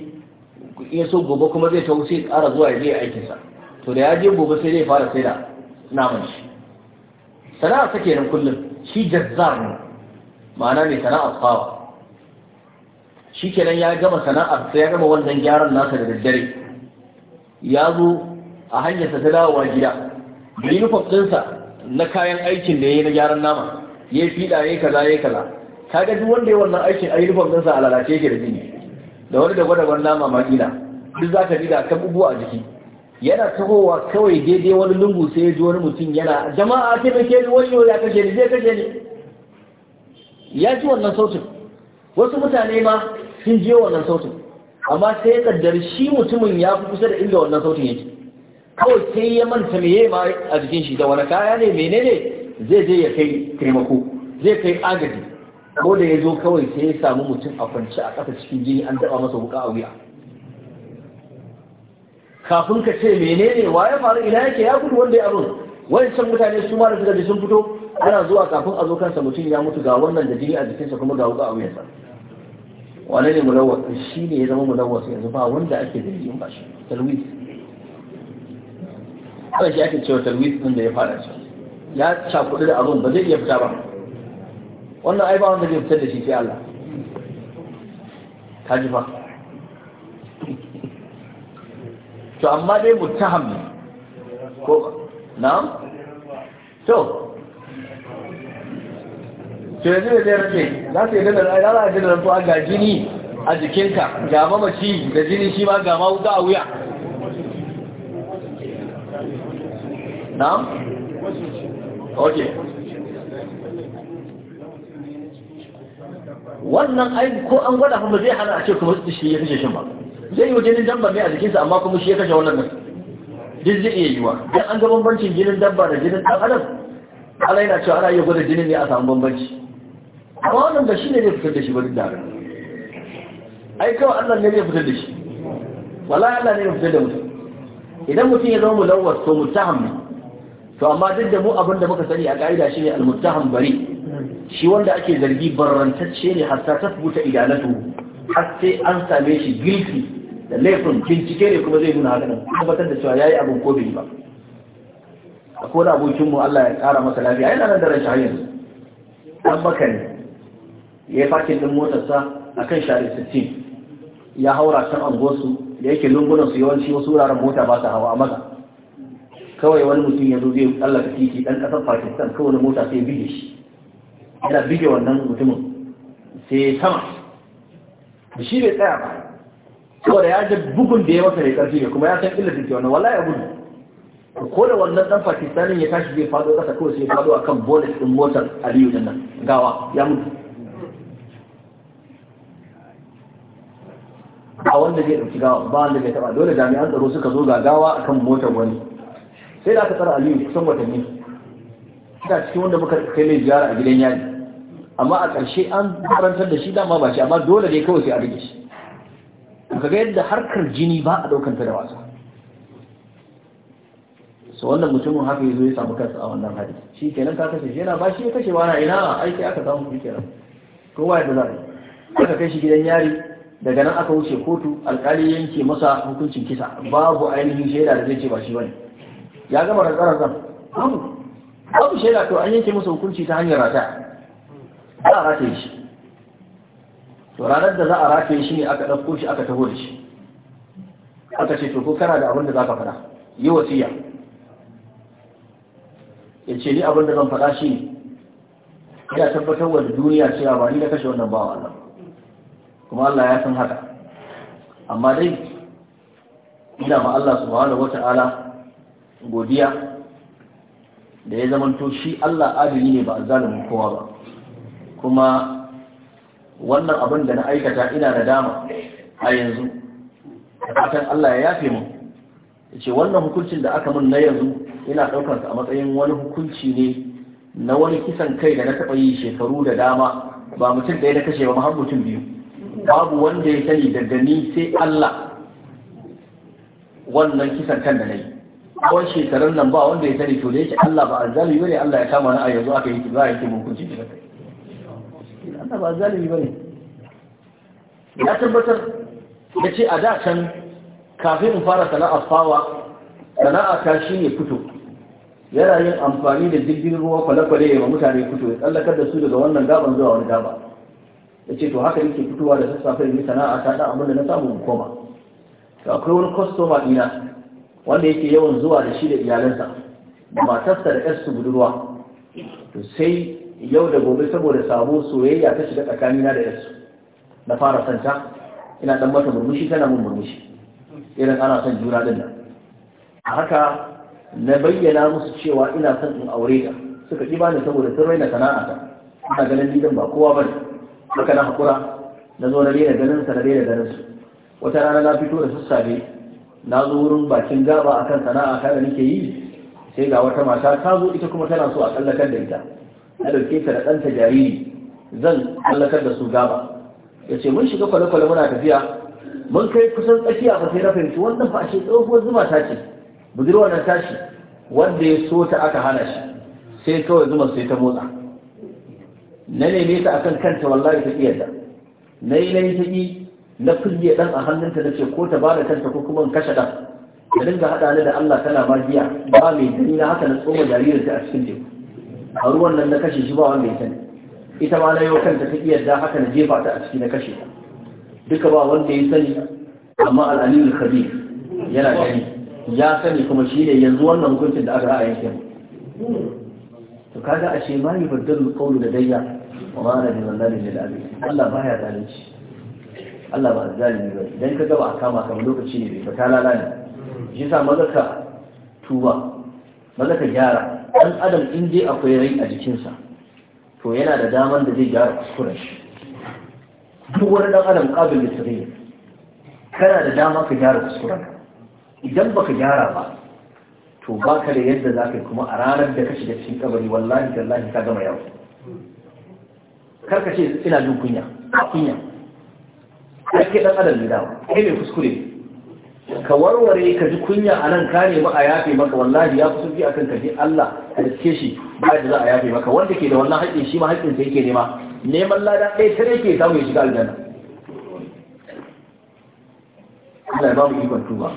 iya so gobe kuma zai taho sai ƙara zuwa ya je aikinsa to da ya je gobe sai zai fara sai da naman shi sana'a ta kenan kullum shi jazzar ne ma'ana mai sana'ar fawa shi kenan ya gama sana'ar sai ya gama wannan gyaran nasa da daddare ya zo a hanyarsa ta dawowa gida da yunifom ɗinsa na kayan aikin da ya yi na gyaran nama ya yi fiɗa ya yi kaza ya yi kaza ka ga duk wanda ya wannan aikin a uniform ɗinsa a lalace yake da jini da wani da gwada nama ma kila duk za ka ji da kabubuwa a jiki yana tahowa kawai daidai wani lungu sai ya ji wani mutum yana jama'a ke ni wani ya kashe ni zai kashe ni ya ji wannan sautin wasu mutane ma sun je wannan sautin amma sai ya kaddar shi mutumin ya fi kusa da inda wannan sautin yake kawai sai ya manta me ma a jikin shi da wani kaya ne menene zai je ya kai taimako zai kai agaji ko da ya zo kawai sai ya samu mutum a kwance a ƙasa cikin jini an taɓa masa wuka a wuya kafin ka ce menene wa ya faru ina yake ya gudu wanda ya Wani wancan mutane su ma da suka sun fito ana zuwa kafin a zo kansa mutum ya mutu ga wannan da jini a jikinsa kuma ga wuka a wuyansa wane ne mulawar shi ne ya zama mulawar yanzu ba wanda ake zargi ba shi talwis kawai shi ake cewa talwit din da ya fara shi ya kuɗi da abun ba zai iya fita ba wannan ai ba wanda zai fitar da shi sai Allah ka ji ba (laughs) to amma dai mutaham ne ko na to to yanzu da zai rage za su yi da za a da rantu a ga jini a jikinka gama mace da jini shi ma gama wuta a wuya نعم اوكي wannan ai ko an gwada kuma zai hana a ce kuma shi ya kashe shi ba zai yi wa jinin dabba ne a jikinsa amma kuma shi ya kashe wannan nan duk zai iya yiwa dan an ga bambancin jinin dabba da jinin dan adam ala yana cewa ana iya gwada jinin ne a samu bambanci amma wannan ba shi ne zai fitar da shi ba duk da haka ai kawai Allah ne zai fitar da shi Wala Allah ne zai fitar da mutum idan mutum ya zama mulawwas ko mutaham to amma duk da mu abin da muka sani a ka'ida shine al-muttaham bari shi wanda ake zargi barrantacce ne har ta tafuta idanatu har sai an same shi guilty da laifin bincike ne kuma zai nuna haka nan tabbatar da cewa yayi abin ko bai ba akwai wani abokin mu Allah ya kara masa lafiya yana nan da ran shahin dan baka ne ya yi din motar sa akan share 60 ya haura kan angosu da yake lungunan su yawanci wasu wuraren mota ba su hawa a maza. kawai wani mutum ya zo zai ka titi ɗan kasar pakistan kawai wani mota sai bige shi yana bige wannan mutumin sai sama da shi bai tsaya ba da ya ji bugun da ya masa da ƙarfi ne kuma ya san illar da wannan wala ya gudu ko da wannan ɗan pakistanin ya tashi zai faɗo ƙasa kawai sai faɗo a kan bonnet ɗin motar aliyu da nan gawa ya mutu a wanda zai ɗauki gawa ba wanda bai taɓa dole jami'an tsaro suka zo ga gawa akan motar wani sai da aka tsara aliyu kusan watanni ina cikin wanda muka kai mai ziyara a gidan yari amma a ƙarshe an karantar da shi dama ba shi amma dole ne kawai sai a rage shi ka ga yadda harkar jini ba a ɗaukanta da wasa so wannan mutumin haka ya zo ya samu kansa a wannan hali shi kenan ka kashe shi yana ba shi ya kashe na. ina aiki aka samu kuɗi kenan kowa yadda za a yi aka kai shi gidan yari daga nan aka wuce kotu alƙali yanke masa hukuncin kisa babu ainihin shaida da zai ce ba shi bane ya gama rantsarantsan babu ku shaida to an yanke musu hukunci ta hanyar rata za a rata shi to ranar da za a rata shi ne aka ɗafko shi aka taho da shi aka ce to ko kana da abin da za ka faɗa yi wasiya ya ce ni abin da zan faɗa shi ne ya tabbatar wa duniya cewa ba ni na kashe wannan bawa Allah kuma Allah ya san haka amma dai ina ma Allah subhanahu wata'ala godiya da ya zamanto shi Allah adali ne ba a zalimin kowa ba kuma wannan abin da na aikata ina da dama a yanzu fatan Allah ya yafe mu ya ce wannan hukuncin da aka mun na yanzu ina ɗaukansa a matsayin wani hukunci ne na wani kisan kai da na taɓa yi shekaru da dama ba mutum ɗaya na kashe ba har mutum biyu babu wanda ya sani daga ni sai Allah wannan kisan kan da na yi tsawon shekarun nan ba wanda ya sani to da yake Allah ba ba bane Allah ya kama na a yanzu aka yi za a yi mun kunci da kai Allah ba ba bane ya tabbatar ya ce a da can kafin in fara sana'a fawa sana'a ta shi ne fito yana yin amfani da jirgin ruwa kwale-kwale ya mutane fito ya tsallakar da su daga wannan gaban zuwa wani gaba ya ce to haka yake fitowa da sassafe ne sana'a ta da abin da na samu koma to akwai wani kwastoma dina wanda yake yawan zuwa da shi da iyalansa da matarsa da yarsu budurwa to sai yau da gobe saboda sabo soyayya ta shiga tsakanina da yarsu na fara santa ina dan mata murmushi tana mun murmushi irin ana son juna din nan a haka na bayyana musu cewa ina son in aure ta suka ki bani saboda sun raina sana'a ta. ina ganin gidan ba kowa bane haka na hakura na zo na daina ganin sa na daina ganin su wata rana na fito da sassafe na zo wurin bakin gaba akan sana'a kada nake yi sai ga wata mata ta zo ita kuma tana so a tsallakar da ita na dauke ta da ɗanta jariri zan tsallakar da su gaba ya ce mun shiga kwale-kwale muna tafiya mun kai kusan tsakiya ba sai na fahimci wannan fa ashe tsohuwar zuma ta ce budurwa na tashi wanda ya so ta aka hana shi sai kawai zuma sai ta motsa na neme ta akan kanta wallahi ta kiyarta na yi na yi ta na kulle dan a hannunta nace ko ta bada kanta ko kuma in kashe dan ta dinga hada ni da Allah tana magiya ba mai gani na haka na tsoma jaririn ta a cikin teku a ruwan nan na kashe shi ba wanda ya sani ita ma na yau kanta ta iya da haka na jefa ta a ciki na kashe duka ba wanda ya sani amma al'alil khabir yana gani ya sani kuma shi ne yanzu wannan hukuncin da aka ra'ayin shi to kaga ashe ma mu qawlu da dayya wa ma la bi wallahi lil abid Allah baya zalunci Allah ba zalimi ba idan ka gaba a kama kama lokaci ne bai ka lala ne shi sa maza ka tuba maza ka gyara dan adam in dai akwai rai a jikinsa to yana da daman da zai gyara kuskuren shi duk wani dan adam kabil da sirri kana da dama ka gyara kuskuren idan baka gyara ba to ba ka da yadda za ka yi kuma a ranar da ka shiga cikin kabari wallahi tallahi ka gama yau kar ka ce ina jin kunya kunya ake dan adam ne dawo kai mai kuskure ka warware ka ji kunya a nan ka nemi a yafe maka wallahi ya fi akan ka ji Allah ka riske shi ba da za a yafe maka wanda ke da wannan haƙƙin shi ma haƙƙin sa yake nema neman lada ɗaya tare yake samu ya shiga aljanna Allah ya ba mu ikon tuba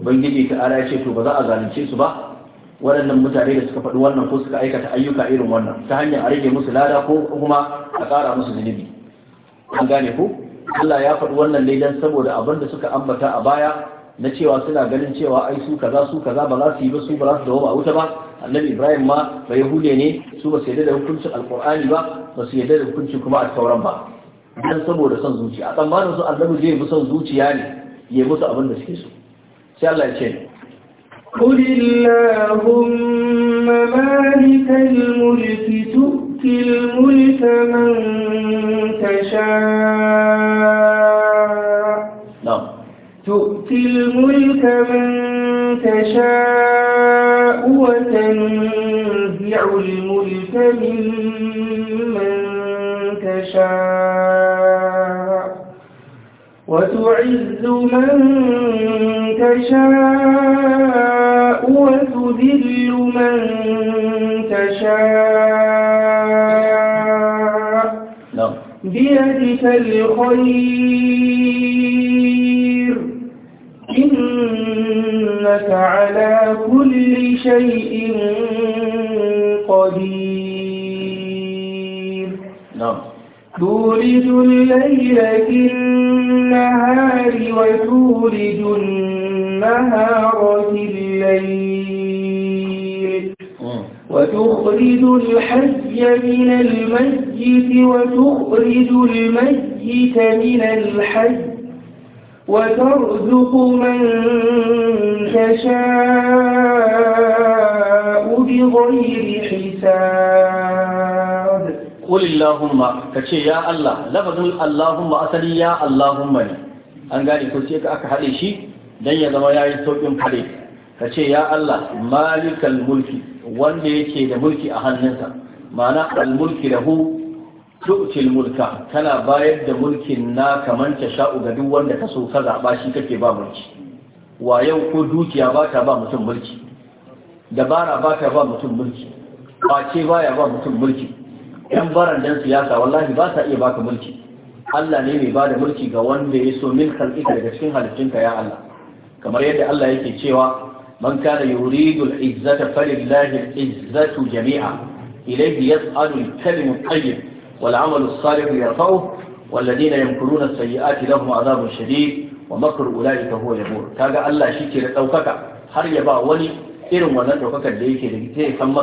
ubangiji ta ara ce to ba za a zalunce su ba waɗannan mutane da suka faɗi wannan ko suka aikata ayyuka irin wannan ta hanyar a rage musu lada ko kuma a ƙara musu zunubi an gane ku Allah ya faɗi wannan laidan saboda abin da suka ambata a baya na cewa suna ganin cewa ai su kaza su kaza ba za su yi ba su ba za su dawo ba wuta ba annabi ibrahim ma bai yahude ne su ba su yarda da hukuncin alqur'ani ba ba su yarda da hukuncin kuma a tauran ba dan saboda son zuciya a tsammanin su annabi zai bi son zuciya ne ya yi musu abin da suke so sai Allah ya ce قل اللهم مالك الملك تؤتي الملك من تشاء نعم تؤتي الملك من تشاء وتنزع الملك ممن تشاء وتعز من تشاء وتذل من تشاء نعم. بيدك الخير إنك على كل شيء قدير نعم تولد الليل في النهار وتولد النهار في الليل وتخرج الحي من المسجد وتخرج المسجد من الحي وترزق من تشاء بغير حساب قل اللهم ka ce ya Allah lafazin Allahumma asali ya Allahumma ne an gane ko sai aka haɗe shi dan ya zama yayin saukin fare ka ce ya Allah malikal mulki wanda yake da mulki a hannunsa ma'ana al mulki lahu tu'til mulka kana bayar da mulkin na kaman ta sha'u ga duk wanda ka so ka zaba shi kake ba mulki wa yau ko dukiya ba ta ba mutum mulki dabara ba ta ba mutum mulki kwace baya ba mutum mulki yan baranden siyasa wallahi ba sa iya baka mulki Allah ne mai bada mulki ga wanda ya so min halitta daga cikin halittunka ya Allah kamar yadda Allah yake cewa man kana yuridu al-izzata falillahi al-izzatu jami'a ilayhi yas'alu al-kalimu tayyib wal 'amalu as-salih yarfa'uhu والذين يمكرون السيئات لهم عذاب شديد ومكر اولئك هو يبور kaga Allah shike da tsaukaka har ya ba wani irin wannan daukakar da yake da yake san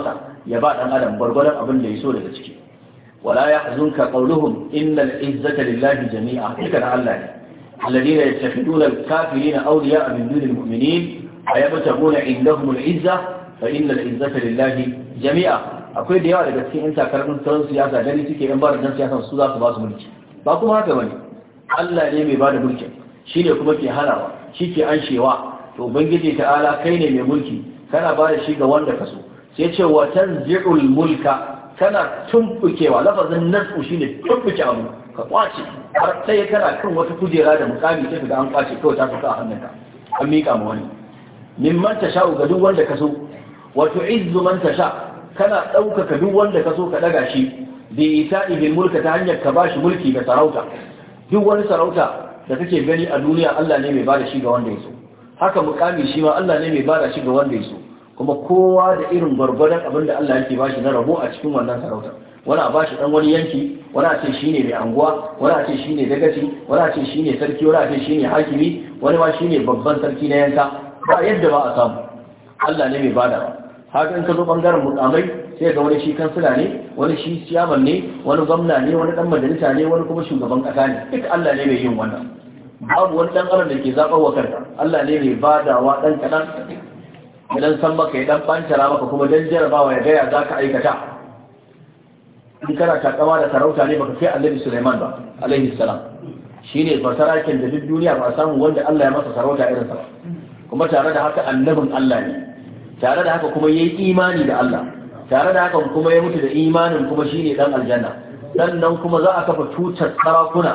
ya ba dan adam gwargwadon abin da yaso daga ciki ولا يحزنك قولهم إن العزة لله جميعا ذكر الله الذين يتخذون الكافرين أولياء من دون المؤمنين ويبتغون عندهم العزة فإن العزة لله جميعا akwai da yawa daga cikin 'yan takarar sauran siyasa gani suke yan bada dan siyasa su za su ba su mulki ba kuma haka bane Allah ne mai bada mulki shi ne kuma ke hanawa shi ke anshewa to ubangiji ta'ala kai ne mai mulki kana bada shi ga wanda ka so sai ce wa tanzi'ul mulka kana tumbukewa lafazin nasu ne tumbuke abu ka kwace har sai kana kan wata kujera da mukami sai ga an kwace kawai ta fuka a hannunka an mika ma wani mimman ta sha'u ga duk wanda ka so wato izu man ta sha kana ɗaukaka duk wanda ka so ka ɗaga shi bi ita ibin mulka ta hanyar ka bashi mulki da sarauta duk wani sarauta da kake gani a duniya Allah ne mai bada shi ga wanda ya so haka mukami shi ma Allah ne mai bada shi ga wanda ya so kuma kowa da irin gwargwadon abin da Allah yake bashi na rabo a cikin wannan sarauta, wani a bashi dan wani yanki wani a ce shine mai anguwa wani a ce shine dagaci wani a ce shine sarki wani a ce shine hakimi wani ma shine babban sarki na yanka ba yadda ba a samu Allah ne mai bada haka in ka zo bangaren mukamai sai ga wani shi kansila ne wani shi ciyaman ne wani gwamna ne wani dan majalisa ne wani kuma shugaban kasa ne duk Allah ne mai yin wannan babu wani dan da ke zaɓar wa kanka Allah ne mai badawa dan kadan idan san maka ya dan bancara maka kuma dan jarabawa ya gaya za ka aikata in kana takama da sarauta ne baka kai annabi Sulaiman ba alaihi salam shine basarakin da duk duniya ba samu wanda Allah ya masa sarauta irin sa kuma tare da haka annabin Allah ne tare da haka kuma yayi imani da Allah tare da haka kuma ya mutu da imanin kuma shine dan aljanna sannan kuma za a kafa tutar sarakuna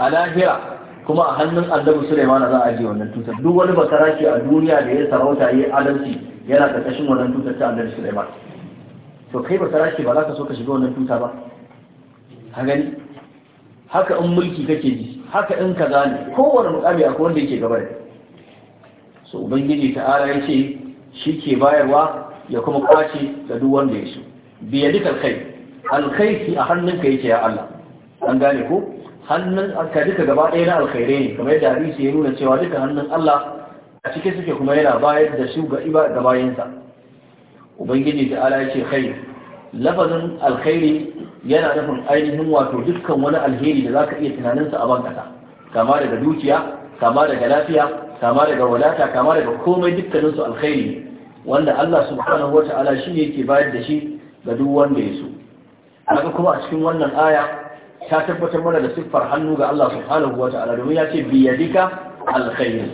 a lahira kuma a hannun annabi Sulaiman za a ajiye wannan tutar duk wani bakaraki a duniya da ya sarauta yayi adalci yana karkashin wannan tutar ta annabi Sulaiman to kai bakaraki ba za ka so ka shiga wannan tuta ba ha gani haka in mulki kake ji haka in ka gane, kowane mukami a wanda yake gaba da so ubangiji ta ya ce shi ke bayarwa ya kuma kwace da duk wanda ya so biya duka kai alkhairi a hannunka yake ya Allah an gane ko hannun ka duka gaba ɗaya na alkhairai ne kamar yadda hadisi ya nuna cewa duka hannun Allah a cike suke kuma yana bayar da su ga iba da bayansa ubangiji da ala ce khair lafazin alkhairi yana nufin ainihin wato dukkan wani alheri da zaka iya sa a ban kasa kama daga dukiya kama daga lafiya kama daga wadata kama daga komai dukkanin su alkhairi wanda Allah subhanahu wataala shi ne yake bayar da shi ga duk wanda ya so haka kuma a cikin wannan aya ta tabbatar mana da siffar hannu ga Allah subhanahu wa ta'ala domin ya ce biyadika alkhairi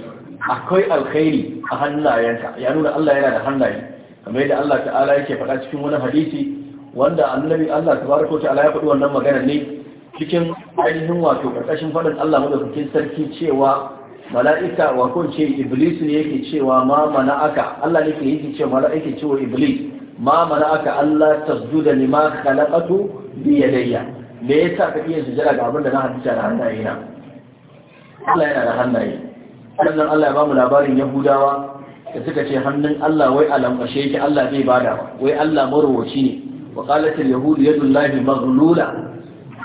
akwai alkhairi a hannayenka ya nuna Allah yana da hannaye kamar yadda Allah ta'ala yake faɗa cikin wani hadisi wanda annabi Allah tabaraka wa ta'ala ya faɗi wannan magana ne cikin ainihin wato karkashin faɗin Allah madaukakin sarki cewa mala'ika wa ko ce iblis ne yake cewa ma mana'aka Allah ne ke yi cewa mala'ika cewa iblis ma mana'aka Allah tasjuda lima khalaqatu bi yadayya me yasa ka iya jira ga abin da na hadisa da hannaye na Allah yana da hannaye sannan Allah ya bamu labarin Yahudawa da suka ce hannun Allah wai a lambashe yake Allah zai bada wai Allah marowaci ne wa qalatil yahud yadullahi maghlula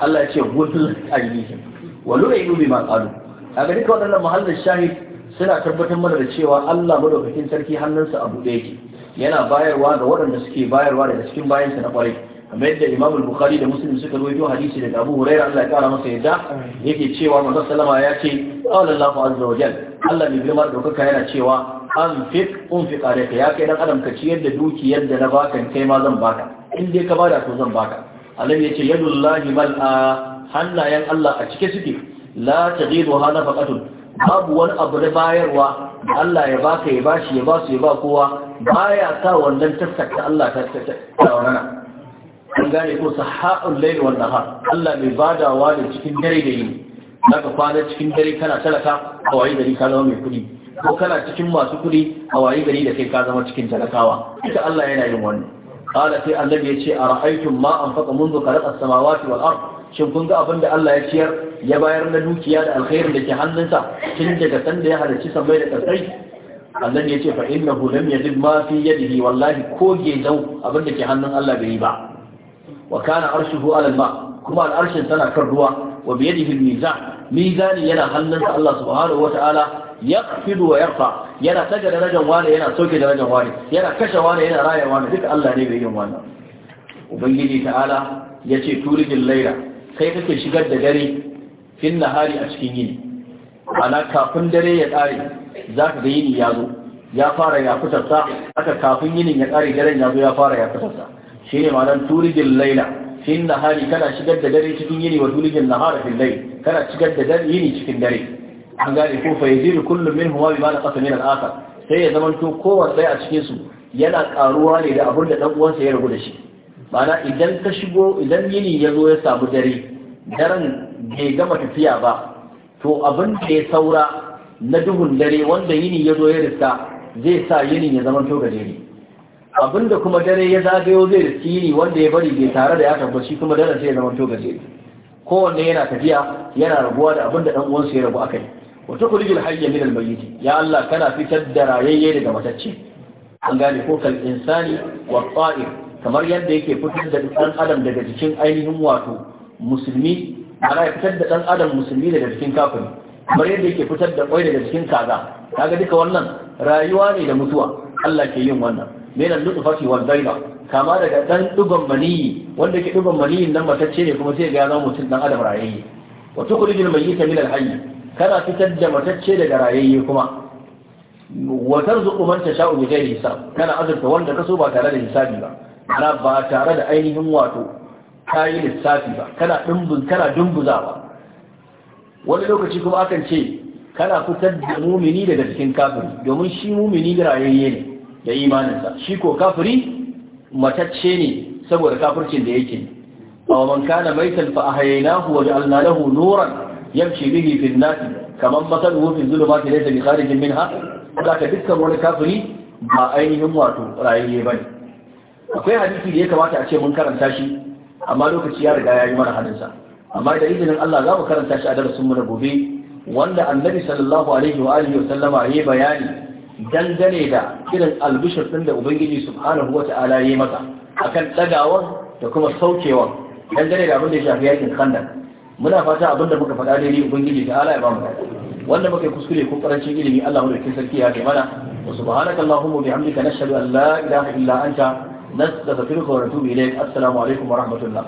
Allah ya ce gutul ayyihim wa lu'inu bima qalu a ga duka waɗannan muhallin shahid suna tabbatar mana da cewa Allah madaukakin sarki hannunsa abu buɗe yake yana bayarwa ga waɗanda suke bayarwa daga cikin bayansa na ƙwarai kamar yadda Imam Bukhari da Muslim suka rawaito hadisi daga Abu huraira Allah ya kara masa yadda yake cewa Manzo sallama ya ce qala Allahu azza wa jalla Allah mai girma daukaka yana cewa anfiq unfiq alayka ya kai dan adam ka ciyar da dukiyar da na baka kai ma zan baka in dai ka bada to zan baka Allah ya ce yadullahi a hannayen Allah a cike suke la hana nafaqatun babu wani abu da bayarwa Allah ya baka ya bashi ya basu ya ba kowa baya sa wannan tasaka Allah ta ta ta an gane ko saha'ul layl wan nahar Allah mai badawa da cikin dare da yini zaka kwana cikin dare kana talaka a wayi gari ka zama mai kudi ko kana cikin masu kudi a wayi gari da kai ka zama cikin talakawa ita Allah yana yin wannan qala sai annabi yace ara'aytum ma anfaqa منذ khalaqa as-samawati wal ard shin kun ga abin da Allah ya ciyar ya bayar na dukiya da alkhairin da ke hannunsa tun daga sanda ya halarci sammai da kasai annabi yace fa innahu lam yajid ma fi yadihi wallahi ko gezau abin da ke hannun Allah bai yi ba wa kana arshuhu ala kuma al'arshin tana kan ruwa wa biyadihi al mizani yana hannunsa Allah subhanahu wa ta'ala yaqfidu wa yarfa yana daga darajar wani yana soke darajar wani yana kashe wani yana raya wani duka Allah ne bai yin wannan ubangiji ta'ala ya ce turijil laila kai kake shigar da dare fin nahari a cikin yini ana kafin dare ya tsare zaka ga yini ya zo ya fara ya fitarsa aka kafin yinin ya tsare daren ya zo ya fara ya fitarsa shi ne ma'anar turijin laila fi nahari kana shigar da dare cikin yini wa turijin nahara fil layl kana shigar da dare yini cikin dare an gane ko fa yazidu kullum min huwa bi naqasa min al-akhar sai ya zamanto kowanne a cikin su yana karuwa ne da abun da dan uwansa ya rabu da shi ma'ana idan ka shigo idan yini ya zo ya samu dare daren bai gama tafiya ba to abin da ya saura na duhun dare wanda yini ya zo ya rista, zai sa yinin ya zama to dare abinda kuma dare ya zagayo zai da tsiri wanda ya bari bai tare da ya tabbaci kuma dare sai ya zama to gajeri kowanne yana tafiya yana rabuwa da abinda dan uwansa ya rabu akai wa tukhrijul hayya min al-mayyit ya Allah kana fitar da rayayye daga matacce an gane ko kal insani wa ta'ir kamar yadda yake fitar da dan adam daga jikin ainihin wato musulmi ana fitar da dan adam musulmi daga jikin kafiri kamar yadda yake fitar da kwai daga jikin kaza kaga duka wannan rayuwa ne da mutuwa Allah ke yin wannan min al-nutfati wal kama daga dan dugon maniyi wanda ke dugon maniyin nan matacce ne kuma sai ga zama mutum dan adam rayayye wa tukhrijul mayyita min al-hayy kana fitar da matacce daga rayayye kuma wa tarzuqu man tasha'u bi ghairi hisab kana azurta wanda kaso ba tare da hisabi ba ana ba tare da ainihin wato kayi lissafi ba kana dumbun kana dumbuzawa wani lokaci kuma akan ce kana fitar da mumini daga cikin kafiri domin shi mumini rayayye ne da imaninsa shi ko kafiri matacce ne saboda kafircin da yake aw man kana maitan fa ahyaynahu wa ja'alna lahu nuran yamshi bihi fi an-nas kaman masaluhu fi zulumati laysa bi kharijin minha zaka dukkan wani kafiri ba ainihin wato rayayye ne. akwai hadisi da ya kamata a ce mun karanta shi amma lokaci ya riga ya yi mana hadinsa amma da izinin Allah za mu karanta shi a darasin mu na gobe wanda annabi sallallahu alaihi wa alihi wa sallama yayi bayani dangane da irin albishir ɗin da ubangiji subhanahu wa ta'ala ya masa akan ɗagawar da kuma saukewar dangane da abin da ya shafi yakin khandak muna fata abin da muka faɗa daidai ubangiji ala ya ba mu wanda muka kuskure ko karancin ilimi Allah mu da sarki ya kai mana wa subhanaka allahumma bihamdika nashhadu an la ilaha illa anta nastaghfiruka wa natubu ilayk assalamu alaikum wa rahmatullah